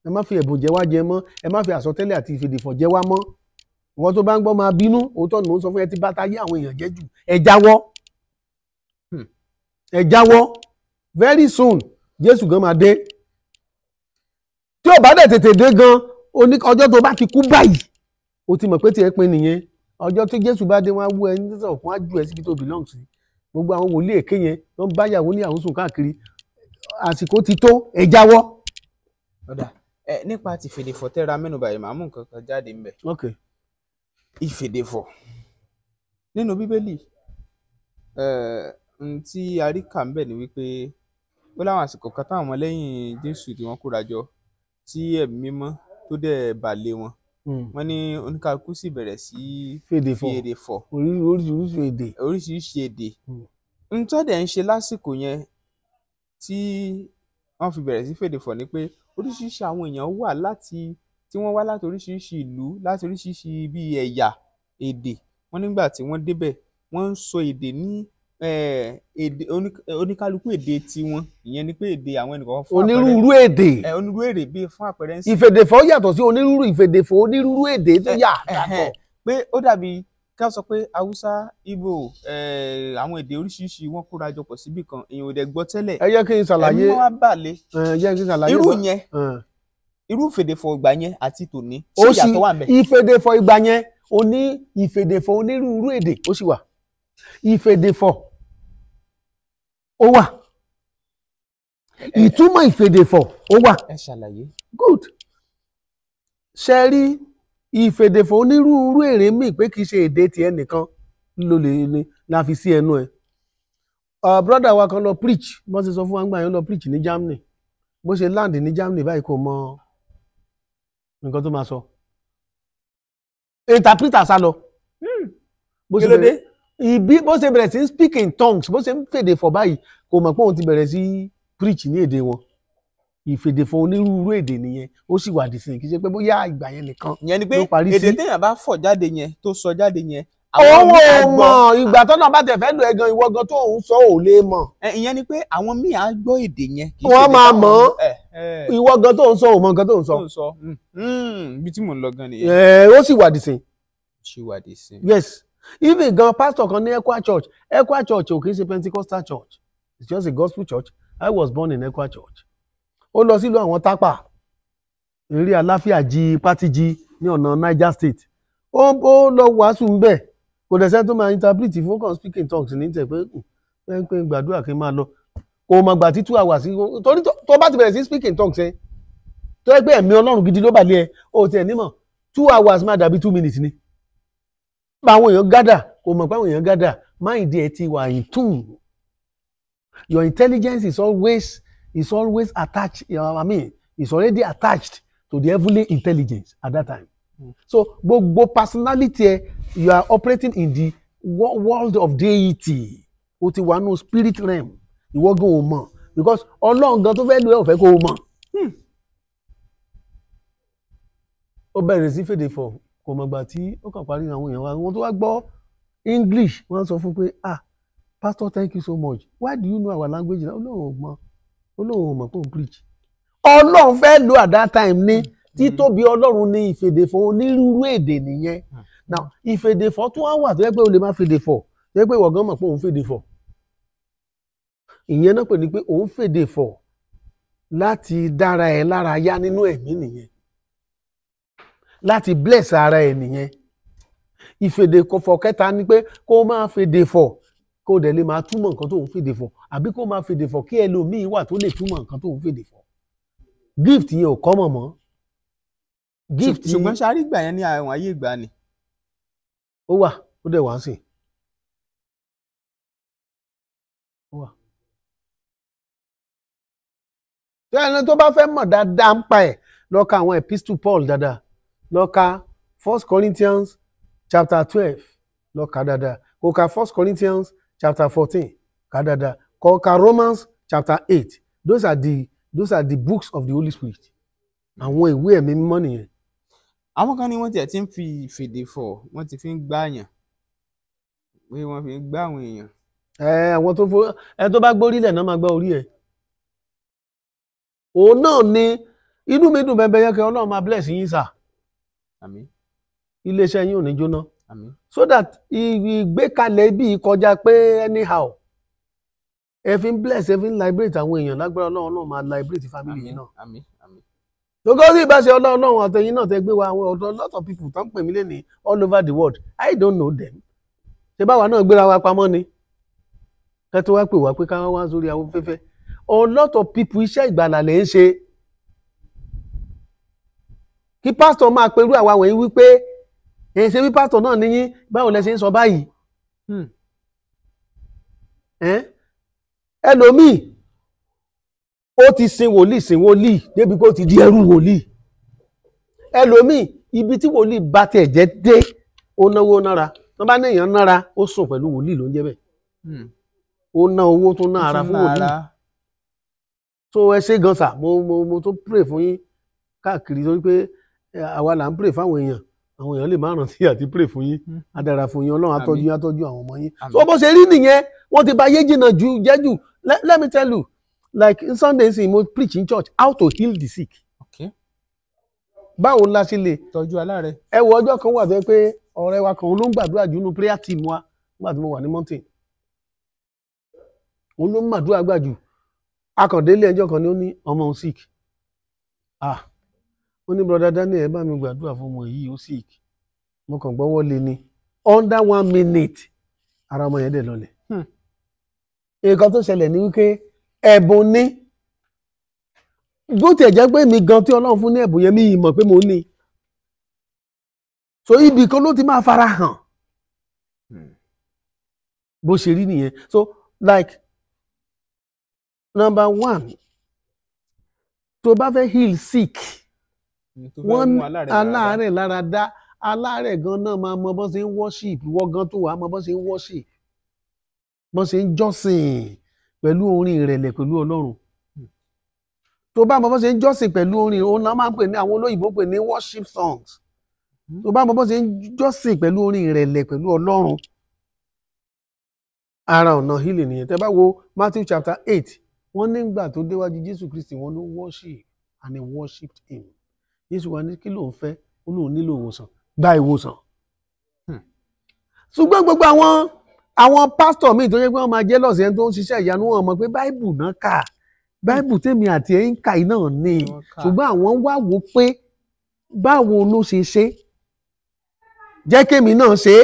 ẹ má fi ẹ̀bùn jẹ wá jẹ mọ́ ẹ má fi àsọtẹ́lẹ̀ àti ìfèdèfọ̀ jẹ wá mọ́ ìwọ tó bá ń gbọ́ máa bínú òótọ́ ni mò ń sọ fún ẹ ti bá ta yé àwọn èèyàn jẹ́ jù ẹ jáwọ́ hmm. ẹ jáwọ́ very soon Jésù gan máa dé tí ò bá dẹ̀ tètè dé gan oní ọjọ́ tó bá ti kú báyìí o ti mọ̀ pé tiẹ̀ pin nìyẹn ọjọ́ tí Jésù bá dé wọn á wú ẹ ní sọ̀kan á ju ẹ síbi tó belong sí gbogbo àwọn wòlíì èké yẹn wọn bá yàwó ní àwọn sùn káàkiri àsìkò ti tó ẹ jáwọ́. ọ̀dà ẹ nípa ti fèdèfọ̀ tẹ́ra mẹ́nuba yìí màá mú nǹkan kan jáde ńbẹ̀. ok. ìfèdèfọ̀ nínú bíbélì n tí a rí kà ńbẹ̀ ni wípé ó láwọn àsìkò kan táwọn ọmọlẹ́yìn Jésù tí wọ́n kóra jọ tí ẹ̀mí mímọ́ tó dẹ̀ bà lé wọn hmm. wọ́n ní oníkàkú sì bẹ̀rẹ̀ sí fèdè fọ̀ oríṣiríṣi èdè oríṣiríṣi èdè hmm. ntọ́dẹ̀ ń ṣe lásìkò yẹn tí wọ́n fi bẹ̀rẹ̀ sí fèdè fọ̀ ni pé oríṣiríṣi àwọn èèyàn wà láti tí wọ́n wá láti oríṣiríṣi ìlú láti oríṣiríṣi bíi ẹ̀yà èdè wọ́n nígbà tí wọ́n débẹ̀ wọ́n ń sọ èdè ní Eh, èdè eh, oníkálukú èdè tiwọn ìyẹn ni pé èdè àwọn ẹnìkan fún àpẹẹrẹ onírúurú èdè eh, onírúurú èdè bíi fún àpẹẹrẹ ń sìn. ìfèdèfọ̀ yàtọ̀ sí onírúurú ìfèdèfọ̀ onírúurú èdè tó yà yàtọ̀. pé ó dàbí kí wọ́n sọ pé haúsá ibo àwọn èdè oríṣiríṣi wọn kóra jọ pọ̀ síbì kan èèyàn ò dẹ̀ gbọ́ tẹ́lẹ̀. ẹ yẹ kí n ṣàlàyé ẹ̀mí wọn bà lé irú yẹn irú ìfèdèfọ̀ ìgbà yẹn àti tòní ṣé ìyàtọ̀ wà ńbẹ̀. ìfèdèfọ̀ ó wà ìtumọ̀ ìfèdèfọ̀ ó wà. ẹ ṣàlàyé. good ṣe rí ìfèdèfọ̀ onírúurú èrè míì pé kì í ṣe èdè tiẹ̀ nìkan ló lè lè la fi sí ẹnu ẹ̀. brother wa kan lọ preach bó ṣe sọ fún wa ń gbà yẹn lọ preach ní Germany bó ṣe land ní Germany báyìí kò mọ nǹkan tó máa sọ interpreter sá lọ. Hmm. bó ṣe bẹ̀rẹ̀ ìbí bó ṣe bẹ̀rẹ̀ sí ń speak in tongues bó ṣe ń fèdè fọ̀ báyìí kò mọ̀ pé òun ti bẹ̀rẹ̀ sí preach ní èdè wọn ìfèdè fọ̀ onírúurú èdè nìyẹn ó sì wà dìsìn kì í ṣe pé bóyá ìgbà yẹn nìkan ló parí sí. èdè téèyàn bá fọ̀ jáde yẹn tó sọ jáde yẹn àwọn míì á gbọ́. ọwọ́ mọ̀ ìgbà tọ́nà bá tẹ̀ fẹ́ lu ẹ̀gan ìwọ gan tó ń sọ ò lè mọ̀. ìyẹn ni pé àwọn míì á gbọ́ èdè yẹn. wọ́n máa mọ̀ ìwọ gan tó ń sọ ò mọ̀ gan tó ń sọ. Hmm. Hmm. ibi tí mò ń lọ gan nìyẹn. ó sì wà dìsìn. ó sì wà dìsìn. yes even gan pastor kan ní Equa church Equa church ò kì í ṣe Pentecostal church it's just a gospel church I was born in Equa church ó lọ sílùú àwọn tápà eré aláfíà jí pátìjí ní ọ̀nà Niger state ó ó lọ wàásù ń bẹ̀ kò dẹ̀ sẹ́ni tó máa interpret fún kan speaking tongues ní tẹ̀ pé hmm, pé pé gbàdúrà kí n máa lọ kò mọ̀ gbà tí two hours torí tó bá ti bẹ̀rẹ̀ sí speaking tongues ẹ tó yẹ pé ẹ̀mí ọlọ́run gidi ló bàlẹ́ ẹ o tiẹ̀ nímọ̀ two hours máa dàbí two minutes ni bá àwọn èèyàn gádà kò mọ̀ pé àwọn èèyàn gádà máìndì ẹ̀ ti wà in tune your intelligence is always is always attached you know what I mean it's already attached to the heavenly intelligence at that time mm. so gbogbo personality ẹ you are operating in the world of deity o ti wà nù spirit realm ìwọ gan o mọ̀ because Ọlọ́run gan tó fẹ́ lu ẹ ò fẹ́ kó o mọ̀ hmm. ó bẹ̀rẹ̀ sí fèdè fọ̀ kò mọ̀gbà tí ó kàn parí àwọn èèyàn wa wọn tó wá gbọ́ English wọ́n sọ fún pé ah pastor thank you so much why do you know our language now olóhùn ò mọ̀ olóhùn ò mọ̀ pé òun preach ọlọ́run fẹ́ lo at that time ní títóbi ọlọ́run ní ìfèdèfọ́ onírúurú èdè nìyẹn now ìfèdèfọ́ tó wá wà tó yẹ pé o lè má fèdèfọ́ tó yẹ pé ìwọ gan mọ̀ pé òun fèdèfọ́ ìyẹn náà pè ní pé òun fèdèfọ́ láti dára ẹ lára yá nínú ẹ̀mí nìyẹn láti bless ara ẹ nìyẹn ìfèdè fọ kẹta ni pé kó o máa fèdè fọ kó o dẹ̀ lè máa túmọ̀ nǹkan tó ń fèdè fọ àbí kó o máa fèdè fọ kí ẹlòmíín wà tó lè túmọ̀ nǹkan tó ń fèdè fọ gift yẹn ò kọ́mọ̀ mọ́ gift yẹn. ṣùgbọ́n sáré ìgbà yẹn ní àwọn ayé ìgbà ni. ó wà ó dẹ̀ wá ń sìn. tí ẹni tó bá fẹ́ mọ̀ dáadáa ń pa ẹ̀ lọ ka àwọn epistle Paul dáadáa lọ ka first corinthians chapter twelve lọ ka dáadáa kó ka first corinthians chapter fourteen ka dáadáa kó ka romans chapter eight those are the those are the books of the holy spirit àwọn ìwé ẹ̀mí mímọ́ nìyẹn. àwọn kan ní wọ́n tiẹ̀ ti ń fi fèdè fọ̀ wọ́n ti fi ń gbààyàn pé wọ́n fi ń gbá àwọn èèyàn. ẹ àwọn tó ẹ tó bá gbórílẹ̀ náà máa gbá orí ẹ̀ òun náà ni inú mi dùn bẹ́ẹ̀ bẹ́ẹ̀ yẹn kẹ́ ọlọ́run máa bless yín sáà iléeṣẹ́ yín ò ní jóná so that ìgbékalẹ̀ ibi kọjá pé anyhow ẹ fi ń bless ẹ fi ń liberate àwọn èèyàn lágbára ọlọ́run náà máa liberate family yìí náà togosi ìbáṣe ọlọ́run náà àtẹ̀yìn náà tẹ gbé wa àwọn ọ̀dọ́ lot of people tó ń pè mí lẹ́ni all over the world I don't know them ṣé báwa náà gbéra wa pamọ́ ni kẹ́tọ́ wá pè wá pé ká wá sórí àwọn fẹ́fẹ́ a lot of people iṣẹ́ ìgbàlà lè ń ṣe kí pásítọ̀ máa pẹ̀lú àwa wọ̀nyí wípé ẹ̀ ṣe wí pásítọ̀ náà níyín báwo lẹ ṣe ń sọ báyìí hmm. ẹlòmíì ó ti sin wòlíì sin wòlíì débi pé ó ti di ẹrú wòlíì ẹlòmíì ibi tí wòlíì bá tiẹ̀ jẹ́ dé ó náwó nára tó bá níyàn nára ó sùn pẹ̀lú wòlíì ló ń jẹ́ bẹ́ẹ̀ hmm. ó ná owó tó ná ara fún wòlíì so ẹ ṣé gan sa mo mo mo tó pray fún yín káàkiri torí pé àwa là ń pray fáwọn èèyàn àwọn èèyàn lè má rántí àti pray fún yín hmm. adára fún yín ọlọ́run atọ́jú yín atọ́jú àwọn ọmọ yín so bó ṣe rí nìyẹn wọ́n ti bà yé jìnnà jù jẹ́ jù let me tell you like sunday sin mo preach in church how to heal the sick. báwo la ṣe lè tọ́jú aláàrẹ̀. ẹ wo ọjọ́ kan wà tó yẹ pé ọ̀rẹ́ wa kan ló ń gbàdúrà jù nínú prayer team wa nígbà tí mo wà ní mountain òun ló ń màdúrà gbà jù akàndélé ẹjọ́ kan ni ó ní ọmọ òun sick ah ó ní broda Daniel bá mi gbàdúrà fún ọmọ yìí ó sick mo kàn gbọ́wọ́ lé ní under one minute ara ọmọ yẹn dẹ̀ lọlẹ̀. Hmm. nǹkan tó ṣẹlẹ̀ ní wípé ẹ̀bùn ni bó tiẹ̀ jẹ́ pé mi gan tí ọlọ́run fún ní ẹ̀bùn yẹn mi ì mọ̀ pé mo ní so ibì kan ló ti máa fara hàn hmm. bó ṣe rí nìyẹn so like number one tó bá fẹ́ heal sick wọ́n aláàárẹ̀ lára dá aláàárẹ̀ gan náà máa mọ bọ́n ṣe ń worship wọ́n gan tó wàá mọ bọ́n ṣe ń worship bọ́n ṣe ń jọ́sìn pẹ̀lú orin ìrẹ̀lẹ̀ pẹ̀lú ọlọ́run tó bá mọ bọ́n ṣe ń jọ́sìn pẹ̀lú orin òun náà máa ń pè ní àwọn olóyìnbó pè ní worship songs hmm. tó bá mọ bọ́n ṣe ń jọ́sìn pẹ̀lú orin ìrẹ̀lẹ̀ pẹ̀lú ọlọ́run ara ọ̀nà healing nìyẹn tẹ́ bá wo Matthew chapter eight wọ́n nígbà tó déwájú Jésù Kristi wọ́n ló worship and he worshipped him. Jésù wa ní kí ló ń fẹ́ ó lóun nílò ìwòsàn gba ìwòsàn. Hmm. ṣùgbọ́n gbogbo àwọn àwọn pásítọ̀ míì tó yẹ pé wọ́n máa jẹ́ lọ́sẹ̀ tó ń ṣiṣẹ́ ìyanu wọn mọ̀ pé báìbù náà kà báìbù tèmi àti ẹ̀yìn kà iná ni ṣùgbọ́n àwọn wá wò pé báwo ló ṣe ṣe jẹ́ kémi náà ṣe é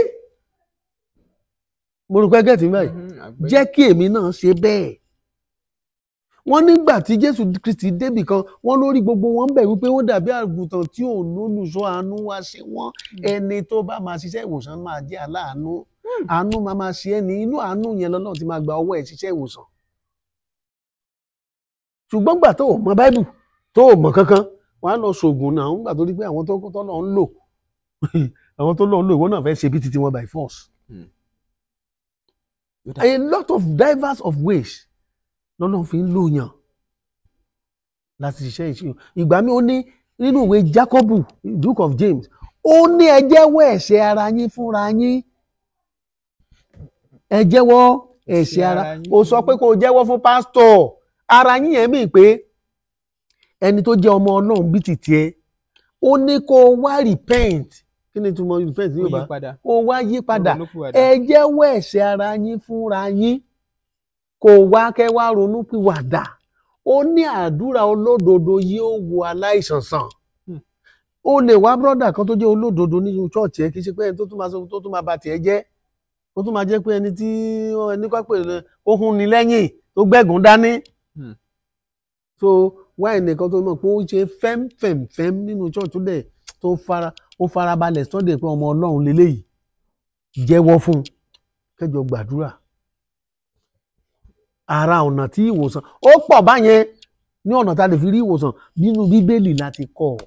mo rò pé gẹ̀ẹ́tì báyìí mm-hmm, jẹ́ kí èmi náà ṣe bẹ́ẹ̀ wọ́n nígbà tí jésù kristi débì kan wọ́n lórí gbogbo wọn bẹ̀ wípé wọ́n dàbí àgùntàn tí ò lólùṣọ́ àánú wá ṣe wọ́n hmm. ẹni tó bá máa ṣiṣẹ́ ìwòsàn máa jẹ́ aláàánú hmm. àánú máa máa ṣe ẹni inú àánú yẹn lọ́lọ́run ti máa gba ọwọ́ ẹ̀ ṣiṣẹ́ ìwòsàn. ṣùgbọ́n gbà tó o mọ báíbù tó o mọ kankan wàá lọ sògùn náà ń gbà tó rí pé àwọn tó lọ ń lò àwọn tó lọ ń lò ìwọ náà fẹ́ ṣe bí titi wọn by force. Hmm. a lot of diverse of ways lọ́nà fi ń lòyàn láti ṣiṣẹ́ ìṣirò ìgbà mi ó ní nínú ìwé Jacobu Duke of James ó ní ẹ jẹ́wọ́ ẹ̀ṣẹ̀ ara yín fúnra yín ẹ jẹ́wọ́ ara ó sọ pé kó o jẹ́wọ́ fún pásítọ̀ ara yín yẹn mí pé ẹni tó jẹ́ ọmọ Ọlọ́run bíi tìtì ẹ ó ní kó o wá repent kí ni túmọ̀ repent ní Yorùbá kó o wá yí padà ẹ jẹ́wọ́ ara yín fúnra yín kò wá kẹ́ wá ronú pìwàdà ó ní àdúrà olódodo yóò wo aláìsàn sàn ó hmm. lè wá brọ́dà kan tó jẹ́ olódodo nínú ṣọ́ọ̀ṣì ẹ kì í ṣe pé ẹni tó tún máa tó tún máa ba tiẹ̀ jẹ́ ó tún máa jẹ́ pé ẹni tí ẹni kọ́ pé ó ni lẹ́yìn tó gbẹ̀gùn dání hmm. so wáyé nìkan tó mọ̀ pé ó ṣe fẹ́mfẹ̀mfẹ́m nínú ṣọ́ọ̀ṣì dẹ̀ tó fara ó farabalẹ̀ sọ́dẹ̀ pé ọmọ ọlọ́run lélẹ́yìí jẹ́wọ́ fún kẹjọ gbàdúrà ara ọ̀nà tí ìwòsàn ó pọ̀ báyẹn ní ọ̀nà tá a lè fi rí ìwòsàn nínú bíbélì láti kọ́ ọ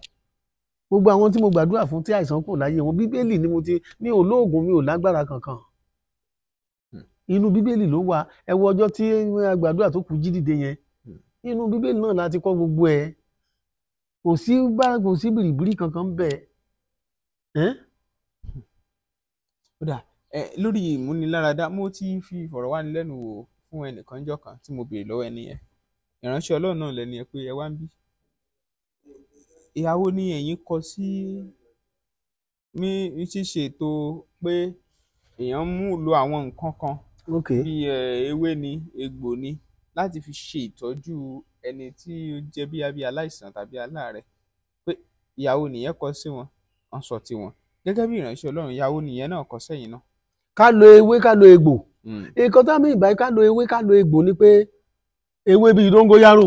gbogbo àwọn tí mo gbàdúrà fún tí àìsàn kò láyé wọn bíbélì ni mo ti mi ò mi ò lágbára kankan inú bíbélì ló wà ẹ ọjọ ọjọ́ tí gbàdúrà tó kù jí dìde yẹn inú bíbélì náà láti kọ gbogbo ẹ̀ kò sí bá kò sí bìrìbìrì kankan bẹ́ẹ̀ ó dà lórí ìmúniláradá mo ti fi ìfọ̀rọ̀wánilẹ́nuwò fún ẹnìkan níjọ́ kan tí mo béèrè lọ́wọ́ ẹni yẹn ìránṣẹ́ ọlọ́run náà lẹni yẹn pé ẹ wá ń bí ìyàwó ni ẹ̀yin kọ sí ní ṣíṣe ètò pé èèyàn mú lo àwọn nǹkan kan bí ewé ni egbò ni láti fi ṣe ìtọ́jú ẹni tí ó jẹ́ bí abí aláìsàn tàbí aláàárẹ̀ pé ìyàwó nìyẹn kọ sí wọn wọ́n sọ tiwọn gẹ́gẹ́ bí ìránṣẹ́ ọlọ́run ìyàwó nìyẹn náà kọ sẹ́yìn náà. ká lo ewé ká lo egbò. Mm. nǹkan tá a mìíràn báyìí ká lo ewé ká lo egbò ni pé ewé bíi dóngóyárò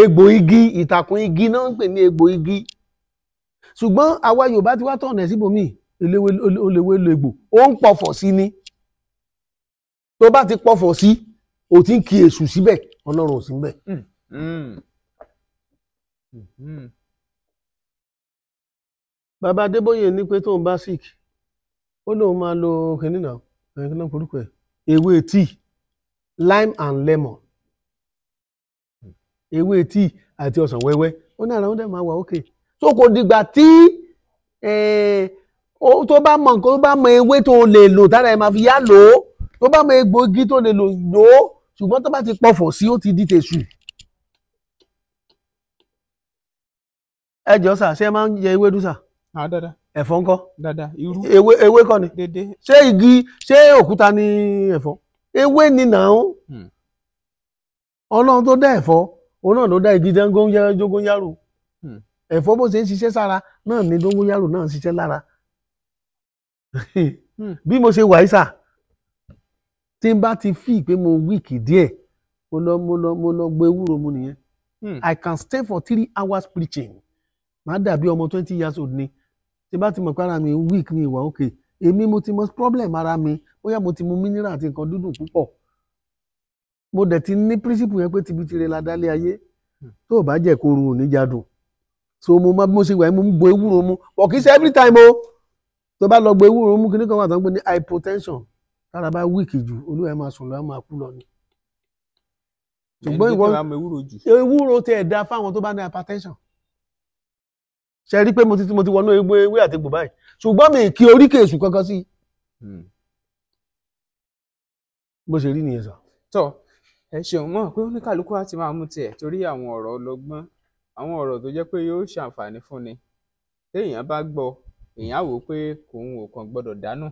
egbò igi ìtàkùn igi náà ń pè ní egbò igi ṣùgbọ́n àwa Yorùbá ti wá tọ̀nà síbòmí olèwé lo egbò ó ń pọ̀fọ̀ sí ni tó bá ti pọ̀fọ̀ sí o ti ń kí èṣù síbẹ̀ Ọlọ́run ò sí níbẹ̀. Mm. Mm. Mm-hmm. Bàbá Adébóyè ní pé tóun bá sick ó lóun máa lo kìnìún náà kí ló ewé tíì lime and lemon ewé tíì àti ọsàn wẹ́wẹ́ ó ní ara wọn dẹ̀ máa wà ókè tó kò dìgbà tí tó bá mọ nǹkan tó bá mọ ewé tó lè lò tára ẹ̀ máa fi yá lò ó tó bá mọ egbògi tó lè lò lò ó ṣùgbọ́n tó bá ti pọ̀fọ̀ sí ó ti di tèṣù. ẹ jọ sà ṣé ẹ máa ń jẹ ewédú sà. àá dáadáa ẹ̀fọ́ ńkọ́. dada irú ewé ewé kọ́ ni. ṣé igi ṣé òkúta ni ẹ̀fọ́ ewé ni nàún. Hmm. ọlọ́run tó dá ẹ̀fọ́ òun náà ló dá igi dóngóyárò hmm. ẹ̀fọ́ bó ṣe ń ṣiṣẹ́ sára náà ni dóngóyárò náà ń ṣiṣẹ́ lára. Hmm. bí mo ṣe wà yìí sà tí n bá ti fi pé mo wíìkì díẹ̀ mo lọ mo lọ mo lọ gbé ewúro mu nìyẹn. I can stay for three hours preaching. màá dàbí ọmọ twenty years old ni tí bá ti mọ̀ pé ara mi weak mi ìwà òkè èmi mo ti mọ problem ara mi bóyá mo ti mu mineral àti nǹkan dúdùn púpọ̀ mo dẹ̀ ti ní principle yẹn pé tibi tire la dálé ayé hmm. tó o bá jẹ́ kóoru ò ní jadùn so mo máa bí mo ṣe wà mo ń gbo ewúro mu but kì í ṣe every time o tó bá lọ gbo ewúro mu kíní kan wà tó ń pè ní hypotension tára bá weak jù olúwa ẹ máa sùn lọ ẹ máa kú lọ ni. ṣùgbọ́n ìwọ ewúro tẹ̀ dá fáwọn tó bá ní hypertension ṣe rí pé mo ti mo ti wọnú egbò ewé àti egbò báyìí ṣùgbọ́n mi kí oríkè èṣù kankan sí i hmm. bó ṣe rí nìyẹn sà. tọ ẹ ṣeun mọ pé oníkàlùkù á máa mú tiẹ̀ torí àwọn ọ̀rọ̀ ọlọ́gbọ́n àwọn ọ̀rọ̀ tó jẹ́ pé yóò ṣàǹfààní fún ni téèyàn bá gbọ́ èèyàn á wò ó pé kòun ò kàn gbọ́dọ̀ dánù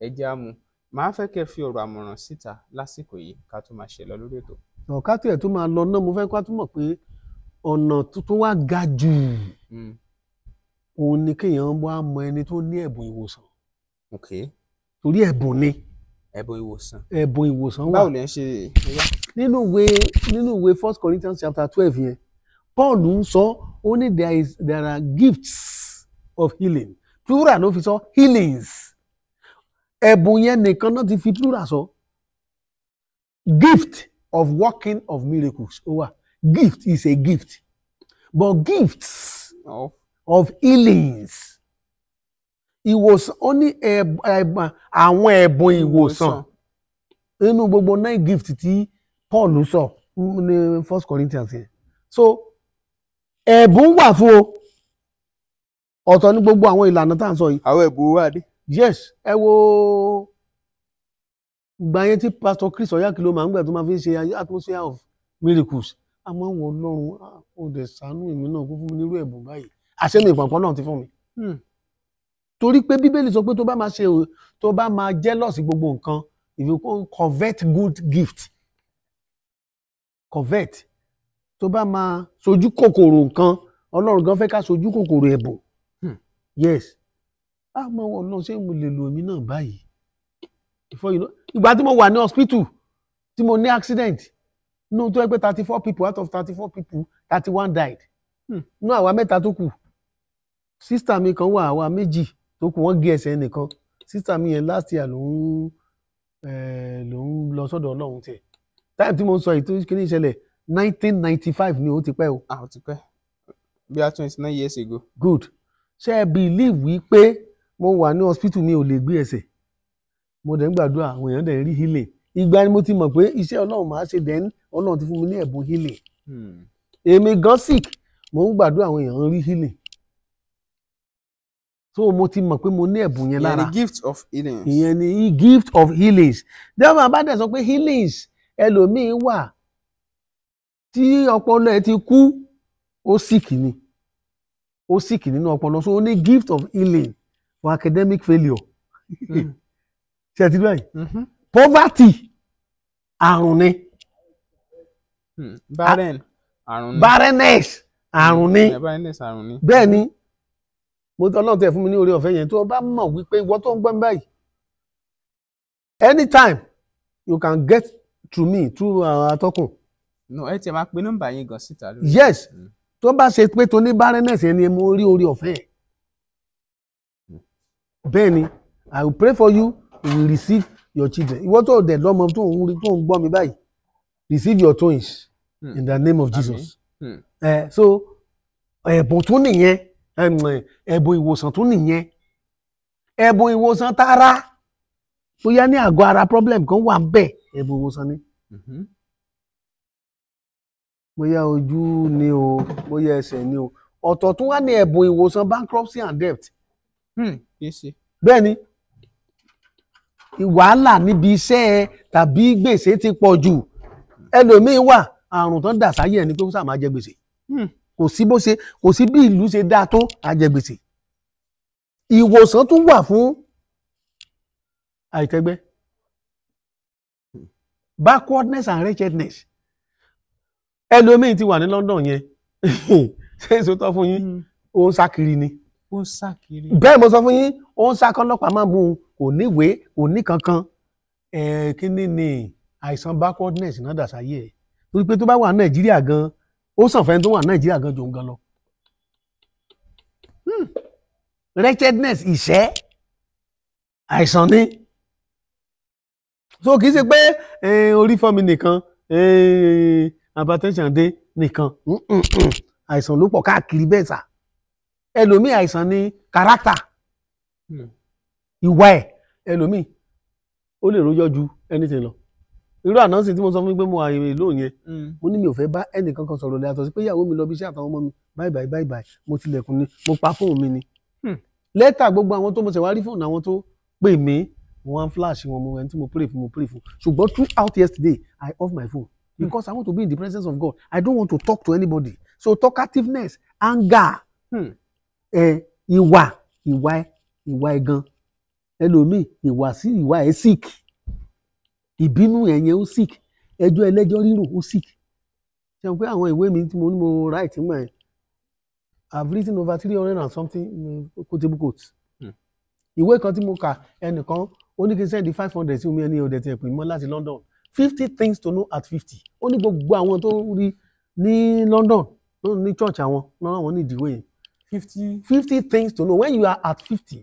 ẹ jẹ́ á mu màá fẹ́ kẹ́ fi ọ̀rọ̀ àmọ̀ràn síta lásìkò yìí ká tó máa ṣe lọ lórí ètò. ọ̀ká tiẹ̀ tó máa lọ náà mo fẹ́ ká túmọ̀ pé ọ̀nà tó wá ga jù hmm òun ni kéèyàn wá mọ ẹni tó ní ẹ̀bùn ìwòsàn. okay. torí ẹ̀bùn ni. ẹ̀bùn ìwòsàn. ẹ̀bùn ìwòsàn wà. báwo lè ń ṣe. nínú ìwé nínú ìwé first corinthians chapter twelve yẹn paul ń sọ ó ní there is there are gifts of healing plural ló fi sọ healings ẹ̀bùn yẹn nìkan náà ti fi plural sọ gift of working of miracles ó wà gift is a gift but gifts. Oh. of healings ìwòsàn ó ní àwọn ẹ̀bùn ìwòsàn nínú gbogbo nine gift tí Paul sọ ní First Corinthians yẹn so ẹ̀bùn wà fún o ọ̀tọ̀ ní gbogbo àwọn ìlànà tá à ń sọ yìí. àwọn ẹ̀bùn wà dé. yes ẹ wo ìgbà yẹn tí Pastor Chris Oyakilo máa ń gbà tó máa fi ń ṣe atmosphere of miracles àmọ́ wọn lọ́run ó ah, dẹ̀ ṣàánú èmi náà kó fún mi nírú ẹ̀bùn báyìí àṣẹ mi ìpọ̀npọ̀n náà ti fún mi. Hmm. torí pé bíbélì sọ pé tó bá máa ṣe tó bá máa jealous gbogbo nǹkan if convert good gift convert tó bá máa sojú kòkòrò nǹkan ọlọ́run gan fẹ́ ká sojú kòkòrò ẹ̀bùn hmm. yes àmọ́ wọn náà ṣé mo lè lo èmi náà báyìí ìgbà tí mo wà ní hospital tí mo ní accident inú tó ẹgbẹ́ thirty four people out of thirty four people thirty one died hmm. inú àwa mẹ́ta tó kù sísítà mi kan wà àwa méjì tó kù wọ́n gé ẹsẹ̀ nìkan sísítà mi yẹn last year ló ń eh, ló ń lọ sọ́dọ̀ ọlọ́run tiẹ̀ táìmù tí mo ń sọ yìí tó kí ní ìṣẹ̀lẹ̀ nineteen ninety five ni ó ti pẹ́ o. a ó ti pẹ́ bí a twenty nine years ago. good ṣé I believe wí pé mo wà ní hospital mi ò lè gbé ẹsẹ̀ mo dẹ̀ ń gbàdúrà àwọn èèyàn dẹ̀ ń rí healing ìgbà ni mo ti mọ̀ pé iṣẹ́ ọlọ́run máa ṣe dẹ́n ọlọ́run ti fún mi ní ẹ̀bùn healing hmm. èmi gan sick mo ń gbàdúrà àwọn èèyàn ń rí healing so mo ti mọ̀ pé mo ní ẹ̀bùn yẹn lára ìyẹn ni gift of healings ìyẹn ni gift of healings dẹ́wọ́n bá dẹ̀ sọ pé healings ẹlòmíì wà tí ọpọlọ ẹ ti kú ó sìkì ni ó sìkì nínú ọpọlọ so ó ní gift of healing for academic failure hmm. ṣe àti báyìí mm-hmm. poverty àrùn ni hmm. barren àrùn ni barrenness àrùn ni hmm. bẹ́ẹ̀ ni mo ọlọ́run tẹ̀ fún mi ní oore ọ̀fẹ́ yẹn tó o bá mọ̀ wípé ìwọ tó ń gbọ́n báyìí anytime you can get to me through àwọn atọ́kùn. no ẹ ti máa pe nọ́mbà yín gan síta lórí. yes mm. tó bá ṣe pé tó ní barrenness yẹn ni mo rí oore ọ̀fẹ́ yẹn. bẹ́ẹ̀ ni i will pray for you you will receive your children ìwọ tó dẹ̀ lọ́mọ tó ń rí tó ń gbọ́ mi báyìí receive your twins hmm. in the name of Jesus. Hmm. Uh, so ẹ̀bùn tó nìyẹn ẹ̀bùn ìwòsàn tún nìyẹn ẹ̀bùn ìwòsàn tara bóyá ní àgọ́ ara problem kan wà ń bẹ̀ ẹ̀bùn ìwòsàn ni. Mm-hmm. bóyá ojú ni o bóyá ẹsẹ̀ ni o ọ̀tọ̀ tún wá ní ẹ̀bùn ìwòsàn bankruptcy and debt. Hmm, bẹ́ẹ̀ ni wàhálà níbi iṣẹ́ tàbí gbèsè ti pọ̀ jù ẹlòmíín wà àrùn tó ń dà sáyẹ̀ ni pé ó sà máa jẹ gbèsè. Hmm kò sí bó ṣe kò sí bí ìlú ṣe dáa tó àjẹgbèsè ìwòsàn tún wà fún àìkẹ́gbẹ́ backwardness and wretchedness ẹlòmíín ti wà ní London yẹn ṣé èso tọ́ fún yín hmm. ó ń sá kiri ni ó ń sá kiri bẹ́ẹ̀ mo sọ fún yín ó ń sá kọ́lọ́pàá máa mú un kò níwèé kò ní kankan kí ni ni àìsàn backwardness náà dà sáyé ẹ̀ torí pé tó bá wà Nàìjíríà gan ó sàn fẹ́ni tó wà nàìjíríà gan jòun gan lọ. Hmm. wretchedness ìṣẹ́ àìsàn ni so kì í ṣe pé eh, orí fọ́ mi nìkan eh, hypertension dé nìkan hmm, hmm, àìsàn ló pọ̀ káàkiri bẹ́ẹ̀ sà ẹlòmíì àìsàn ni kárátà ìwà ẹ̀ ẹlòmíì ó lè rojọ́ ju anything lọ irú ànánsì tí mo sọ fún mi pé mo àyè ló yẹn mm. mo ní mi ò fẹ́ bá ẹnì kankan sọ̀rọ̀ lẹ́yìn àtọ̀sí pé ìyàwó mi lọ bí iṣẹ́ àtàwọn ọmọ mi báyìí báyìí báyìí báyìí mo tilẹ̀kùn ni mo pa fóònù mi ni. Hmm. lẹ́tà gbogbo àwọn tó mo ṣe wá rí fóònù àwọn tó pè mí wọ́n á flash wọn mo ẹni tí mo pray fún mo pray fún ṣùgbọ́n throughout yesterday I off my phone hmm. because I want to be in the presence of God I don't want to talk to anybody so talkativeness anger hmm. ìwà ìwà ìwà ẹ̀gan ẹlòmíì ìwà sí ìwà ẹ̀ sick ìbínú ẹ̀yẹn ó sick ẹjọ́ ẹlẹ́jọ́ rírò ó sick ṣe pé àwọn ìwé mi tí mo ní mo write mọ̀ ẹ́ I've written over three hundred and something mm, quotable quotes hmm. ìwé kan tí mo kà ẹnìkan ó ní kí n send five hundred sí omi ẹni ọ̀dẹ̀ tí ẹ̀ pè mọ́ láti London fifty things to know at fifty ó ní gbogbo àwọn tó rí ní London ní church àwọn lọ́nà àwọn nídìí ìwé yẹn fifty fifty things to know when you are at fifty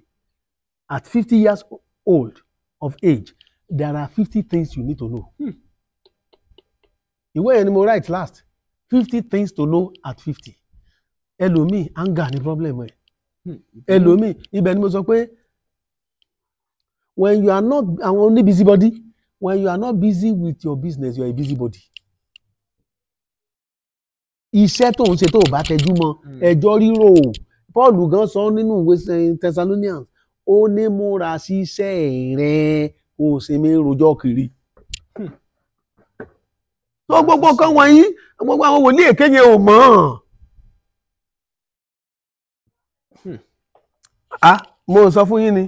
at fifty years old of age there are fifty things you need to know hmm. ìwé yẹn ni mo write last fifty things to know at fifty ẹlòmíì anger ni problem ẹ hmm. ẹlòmíì ibẹ̀ ni mo sọ pé when you are not àwọn busy body, when you are not busy with your business you are a busybody iṣẹ́ tó ń ṣe tó bá tẹjú mọ́ hmm. ẹjọ́ rírò Paul gan sọ nínú Thessalonians ó ní múra sí rẹ̀ kó o ṣe mí rojọ́ kiri. tó hmm. gbogbo kan wọ̀nyí gbogbo àwọn wòlíì èké yẹn ò mọ̀ ọ́n. Hmm. mo sọ fún yín ni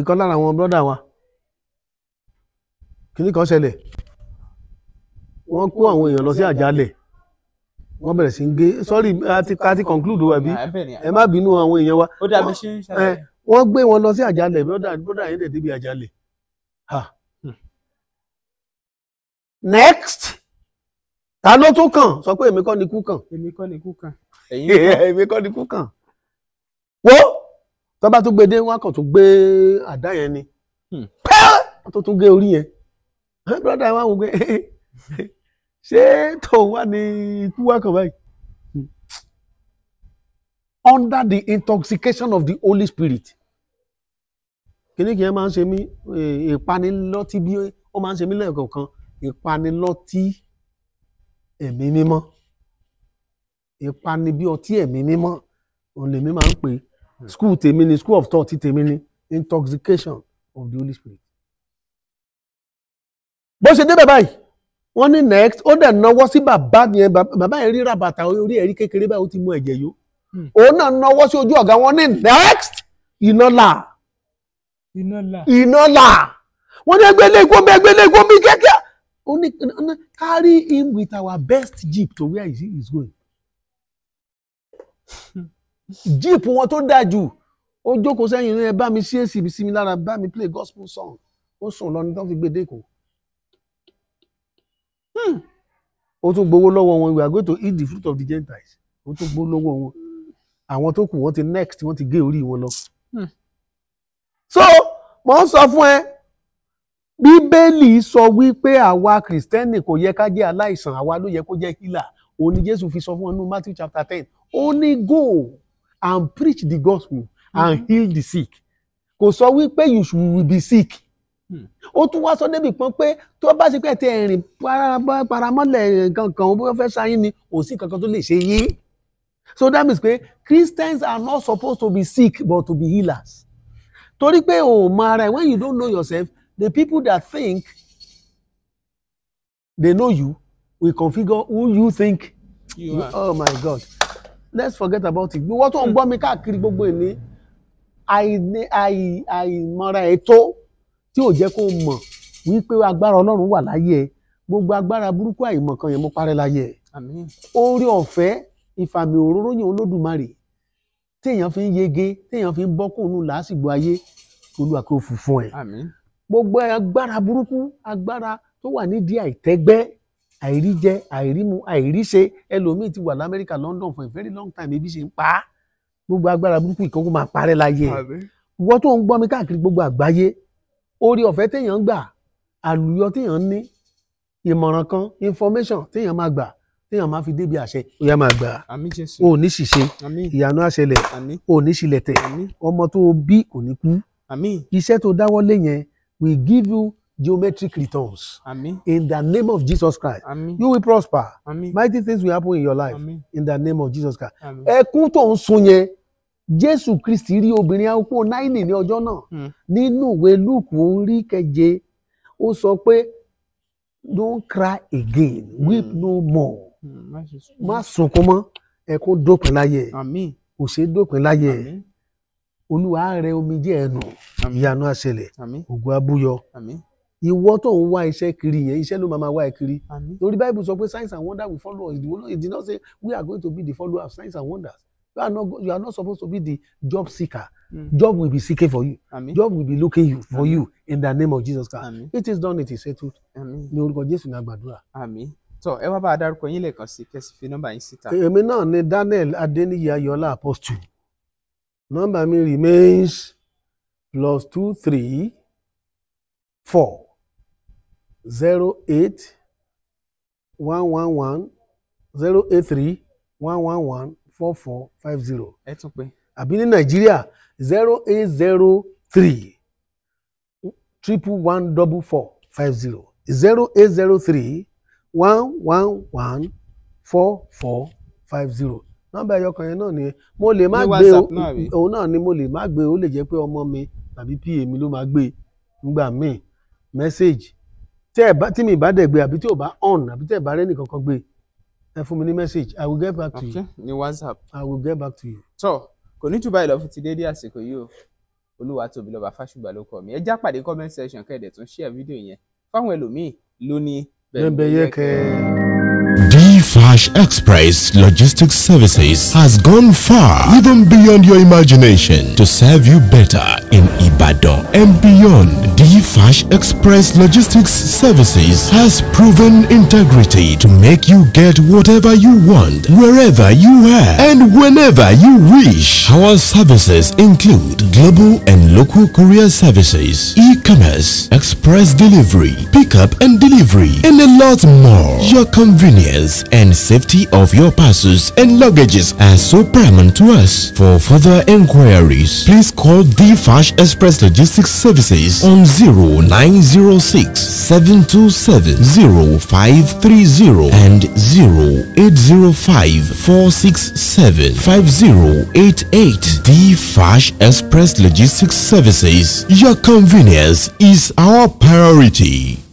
ìkan lára àwọn bọ́dà wa kìnnì kan ṣẹlẹ̀ wọ́n kó àwọn èèyàn lọ sí àjálẹ̀ wọ́n bẹ̀rẹ̀ sí ń gé sorry a ti conclude wa bí ẹ má bínú àwọn èèyàn wa. ó dàbí ṣe ń ṣàlàyé wọ́n gbé wọn lọ sí àjálẹ̀ brọ́dà brọ́dà yẹn lè débi àjálẹ̀ ha hmm. next ta ló tún kàn sọ pé èmi kọ́ ni kú kàn èmi kọ́ ni kú kàn èmi kọ́ ni kú kàn wo tó bá tún gbé dé wọn kàn tún gbé àdá yẹn ni hmm. pẹ́ẹ́ wọ́n tún tún gé orí yẹn brọ́dà wọn wò pé ṣé tòun wá ní ikú wá kàn báyìí under the intoxication of the Holy Spirit. kíní kìí máa ń ṣe mí ìpanilọ́tí bí ó máa ń ṣe mí lẹ́ẹ̀kọ̀ọ̀kan ìpanilọ́tí ẹ̀mí mímọ́ ìpani bí ọtí ẹ̀mí mímọ́ òun lèmi máa ń pè school tèmi ni school of thought tèmi ni intoxication of the Holy Spirit. bó ṣe débẹ̀ báyìí wọ́n ní next ó dẹ̀ náwó sí bàbá yẹn bàbá yẹn rí ràbàtà orí ẹ̀rí kékeré báyìí ó ti mú ẹ̀jẹ̀ yó Hmm. òun náà náwó sí ojú ọ̀gá wọn ní next iná là iná là wọ́n ní ẹgbẹ́ ilé gómìn ẹgbẹ́ ilé gómìn kẹ́kẹ́ ó ní carry him with our best jeep to where he is going hmm. jeep wọn tó dáa jù ó jókòó sẹ́yìn ní ẹ bá mi ṣíyèsí ibi sí mi lára bá mi play gospel song ó sùn lọ ní tán fi gbé dẹ́kọ̀ hmm. ó tún gbowó lọ́wọ́ wọn we are going to eat the fruit of the Gentiles ó tún gbowó lọ́wọ́ wọn àwọn tó kù wọ́n ti next wọ́n ti gé orí wọn lọ. Hmm. so mo ń sọ fún ẹ bíbélì sọ wípé àwa kìrìsìtẹ́nì kò yẹ ká jẹ́ aláìsàn àwa ló yẹ kó jẹ́ healer òun ni jésù fi sọ fún ọ ní matthew chapter ten ó go and preach the gospel and mm -hmm. heal the sick kò sọ wípé you should be sick hmm. ó tún wá sọ débi pọn pé tó bá ṣe pé ẹ ti ẹ̀rìn paramọ́lẹ̀ kankan ó fẹ́ sáyín ni kò sí kankan tó lè ṣe yín so that means pé Christians are not supposed to be sick but to be healers torí pé o mara, when you don't know yourself the people that think they know you will configure who you think you are oh my God let's forget about it wọ́n tó ń gbọ́ mi káàkiri gbogbo ìní àìmọ̀ra ẹ̀ tó tí ò jẹ́ kó mọ̀ wípé agbára Ọlọ́run wà láyé ẹ gbogbo agbára burúkú àìmọ̀kan yẹn mo parẹ́ láyé ẹ oore ọ̀fẹ́ ìfàmì òróró yẹn olódùmarè téèyàn fi ń yege téèyàn fi ń bọ́kùnù làásìgbò ayé olúwa kó fún fún ẹ. gbogbo agbára burúkú agbára tó wà nídìí àìtẹ́gbẹ́ àìríjẹ àìrímu àìríṣe ẹlòmíì ti wà lamẹ́ríkà London for a very long time ebi ṣe ń pa á gbogbo agbára burúkú ìkókó máa parẹ́ láyé ẹ̀ wọ́n tó ń gbọ́ mi káàkiri gbogbo àgbáyé orí ọ̀fẹ́ téèyàn gbà àlùyọ téèyàn ní ìmọ̀ràn kan information téèyàn máa gbà téèyàn máa fi débi àṣẹ ó yá máa gbà á ó ní ṣìṣe ìyanu àṣẹlẹ̀ ó ní ṣìlẹ̀tẹ̀ ọmọ tó o bí kò ní kú iṣẹ́ tó dáwọ́ lé yẹn we give you geometric returns in the name of Jesus Christ you will prosper mighty things will happen in your life in the name of Jesus Christ ẹkún tó ń sun yẹn Jésù Kristi rí obìnrin àwòkọ́ náírà ní ọjọ́ náà hmm. nínú ìwé Lúùkù orí keje ó sọ pé don't cry again weep hmm. no more. Mm, má sunkún mọ́ ẹkún dópin láyé ẹ òṣè dópin láyé ẹ olúwa rẹ omijé ẹnu ìyanu àṣẹlẹ̀ ògùn abúyọ ìwọ tó ń wá iṣẹ́ kiri yẹn iṣẹ́ ló máa máa wá ẹ kiri torí Bible sọ pé signs and wonders will follow us ìdìbò náà ìdí náà say we are going to be the followers of science and wonders you are not you are not supposed to be the job seeker mm. job will be seeking for you Amen. job will be looking you, for Amen. you in the name of Jesus Christ Amen. it is done it is settled ní orúkọ Jésù ní a gbàdúrà. Amen tọ ẹ wá bá a dárúkọ yín lẹ́ẹ̀kan sí kẹsì fi nọ́mbà yín síta. èmi náà ni Daniel Adeniyi Ayọ̀lá apostu nọ́mbà mi remains plus two three four zero eight one one one zero eight three one one one four four five zero. ẹ tún pé. àbí ní Nàìjíríà zero eight zero three triple one double four five zero zero eight zero three one one one four four five zero nọ́mbà ẹyọ kan yẹn náà nìyẹn mo lè má gbé òun náà ni mo lè má gbé ó lè jẹ́ pé ọmọ mi tàbí pa mi ló máa gbé ngbà míì mẹ́sáàgì tí ẹ bá tí mi bá dẹ̀ gbé àbí tí ò bá on àbí tí ẹ bá rẹ́nì kankan gbé ẹ fún mi ní message i will get back to okay. you. ní whatsapp i will get back to you. tọ kò ní jù báyìí lọ fún ti dédé àsìkò yìí o olúwa tóbi lọba fásùgbà ló kọ mi ẹ já pàdé comment section kẹ́ẹ̀dẹ̀ tún share fídíò yẹn fáwọn ẹlòmíì lónìí D-Flash Express Logistics Services has gone far, even beyond your imagination, to serve you better in Ibadan and beyond. DFASH Express Logistics Services has proven integrity to make you get whatever you want, wherever you are, and whenever you wish. Our services include global and local courier services, e-commerce, express delivery, pickup and delivery, and a lot more. Your convenience and safety of your parcels and luggages are so paramount to us. For further inquiries, please call DFASH Dash Express Logistics Services on 0906 727 0530 and 0805 467 5088. Fash Express Logistics Services. Your convenience is our priority.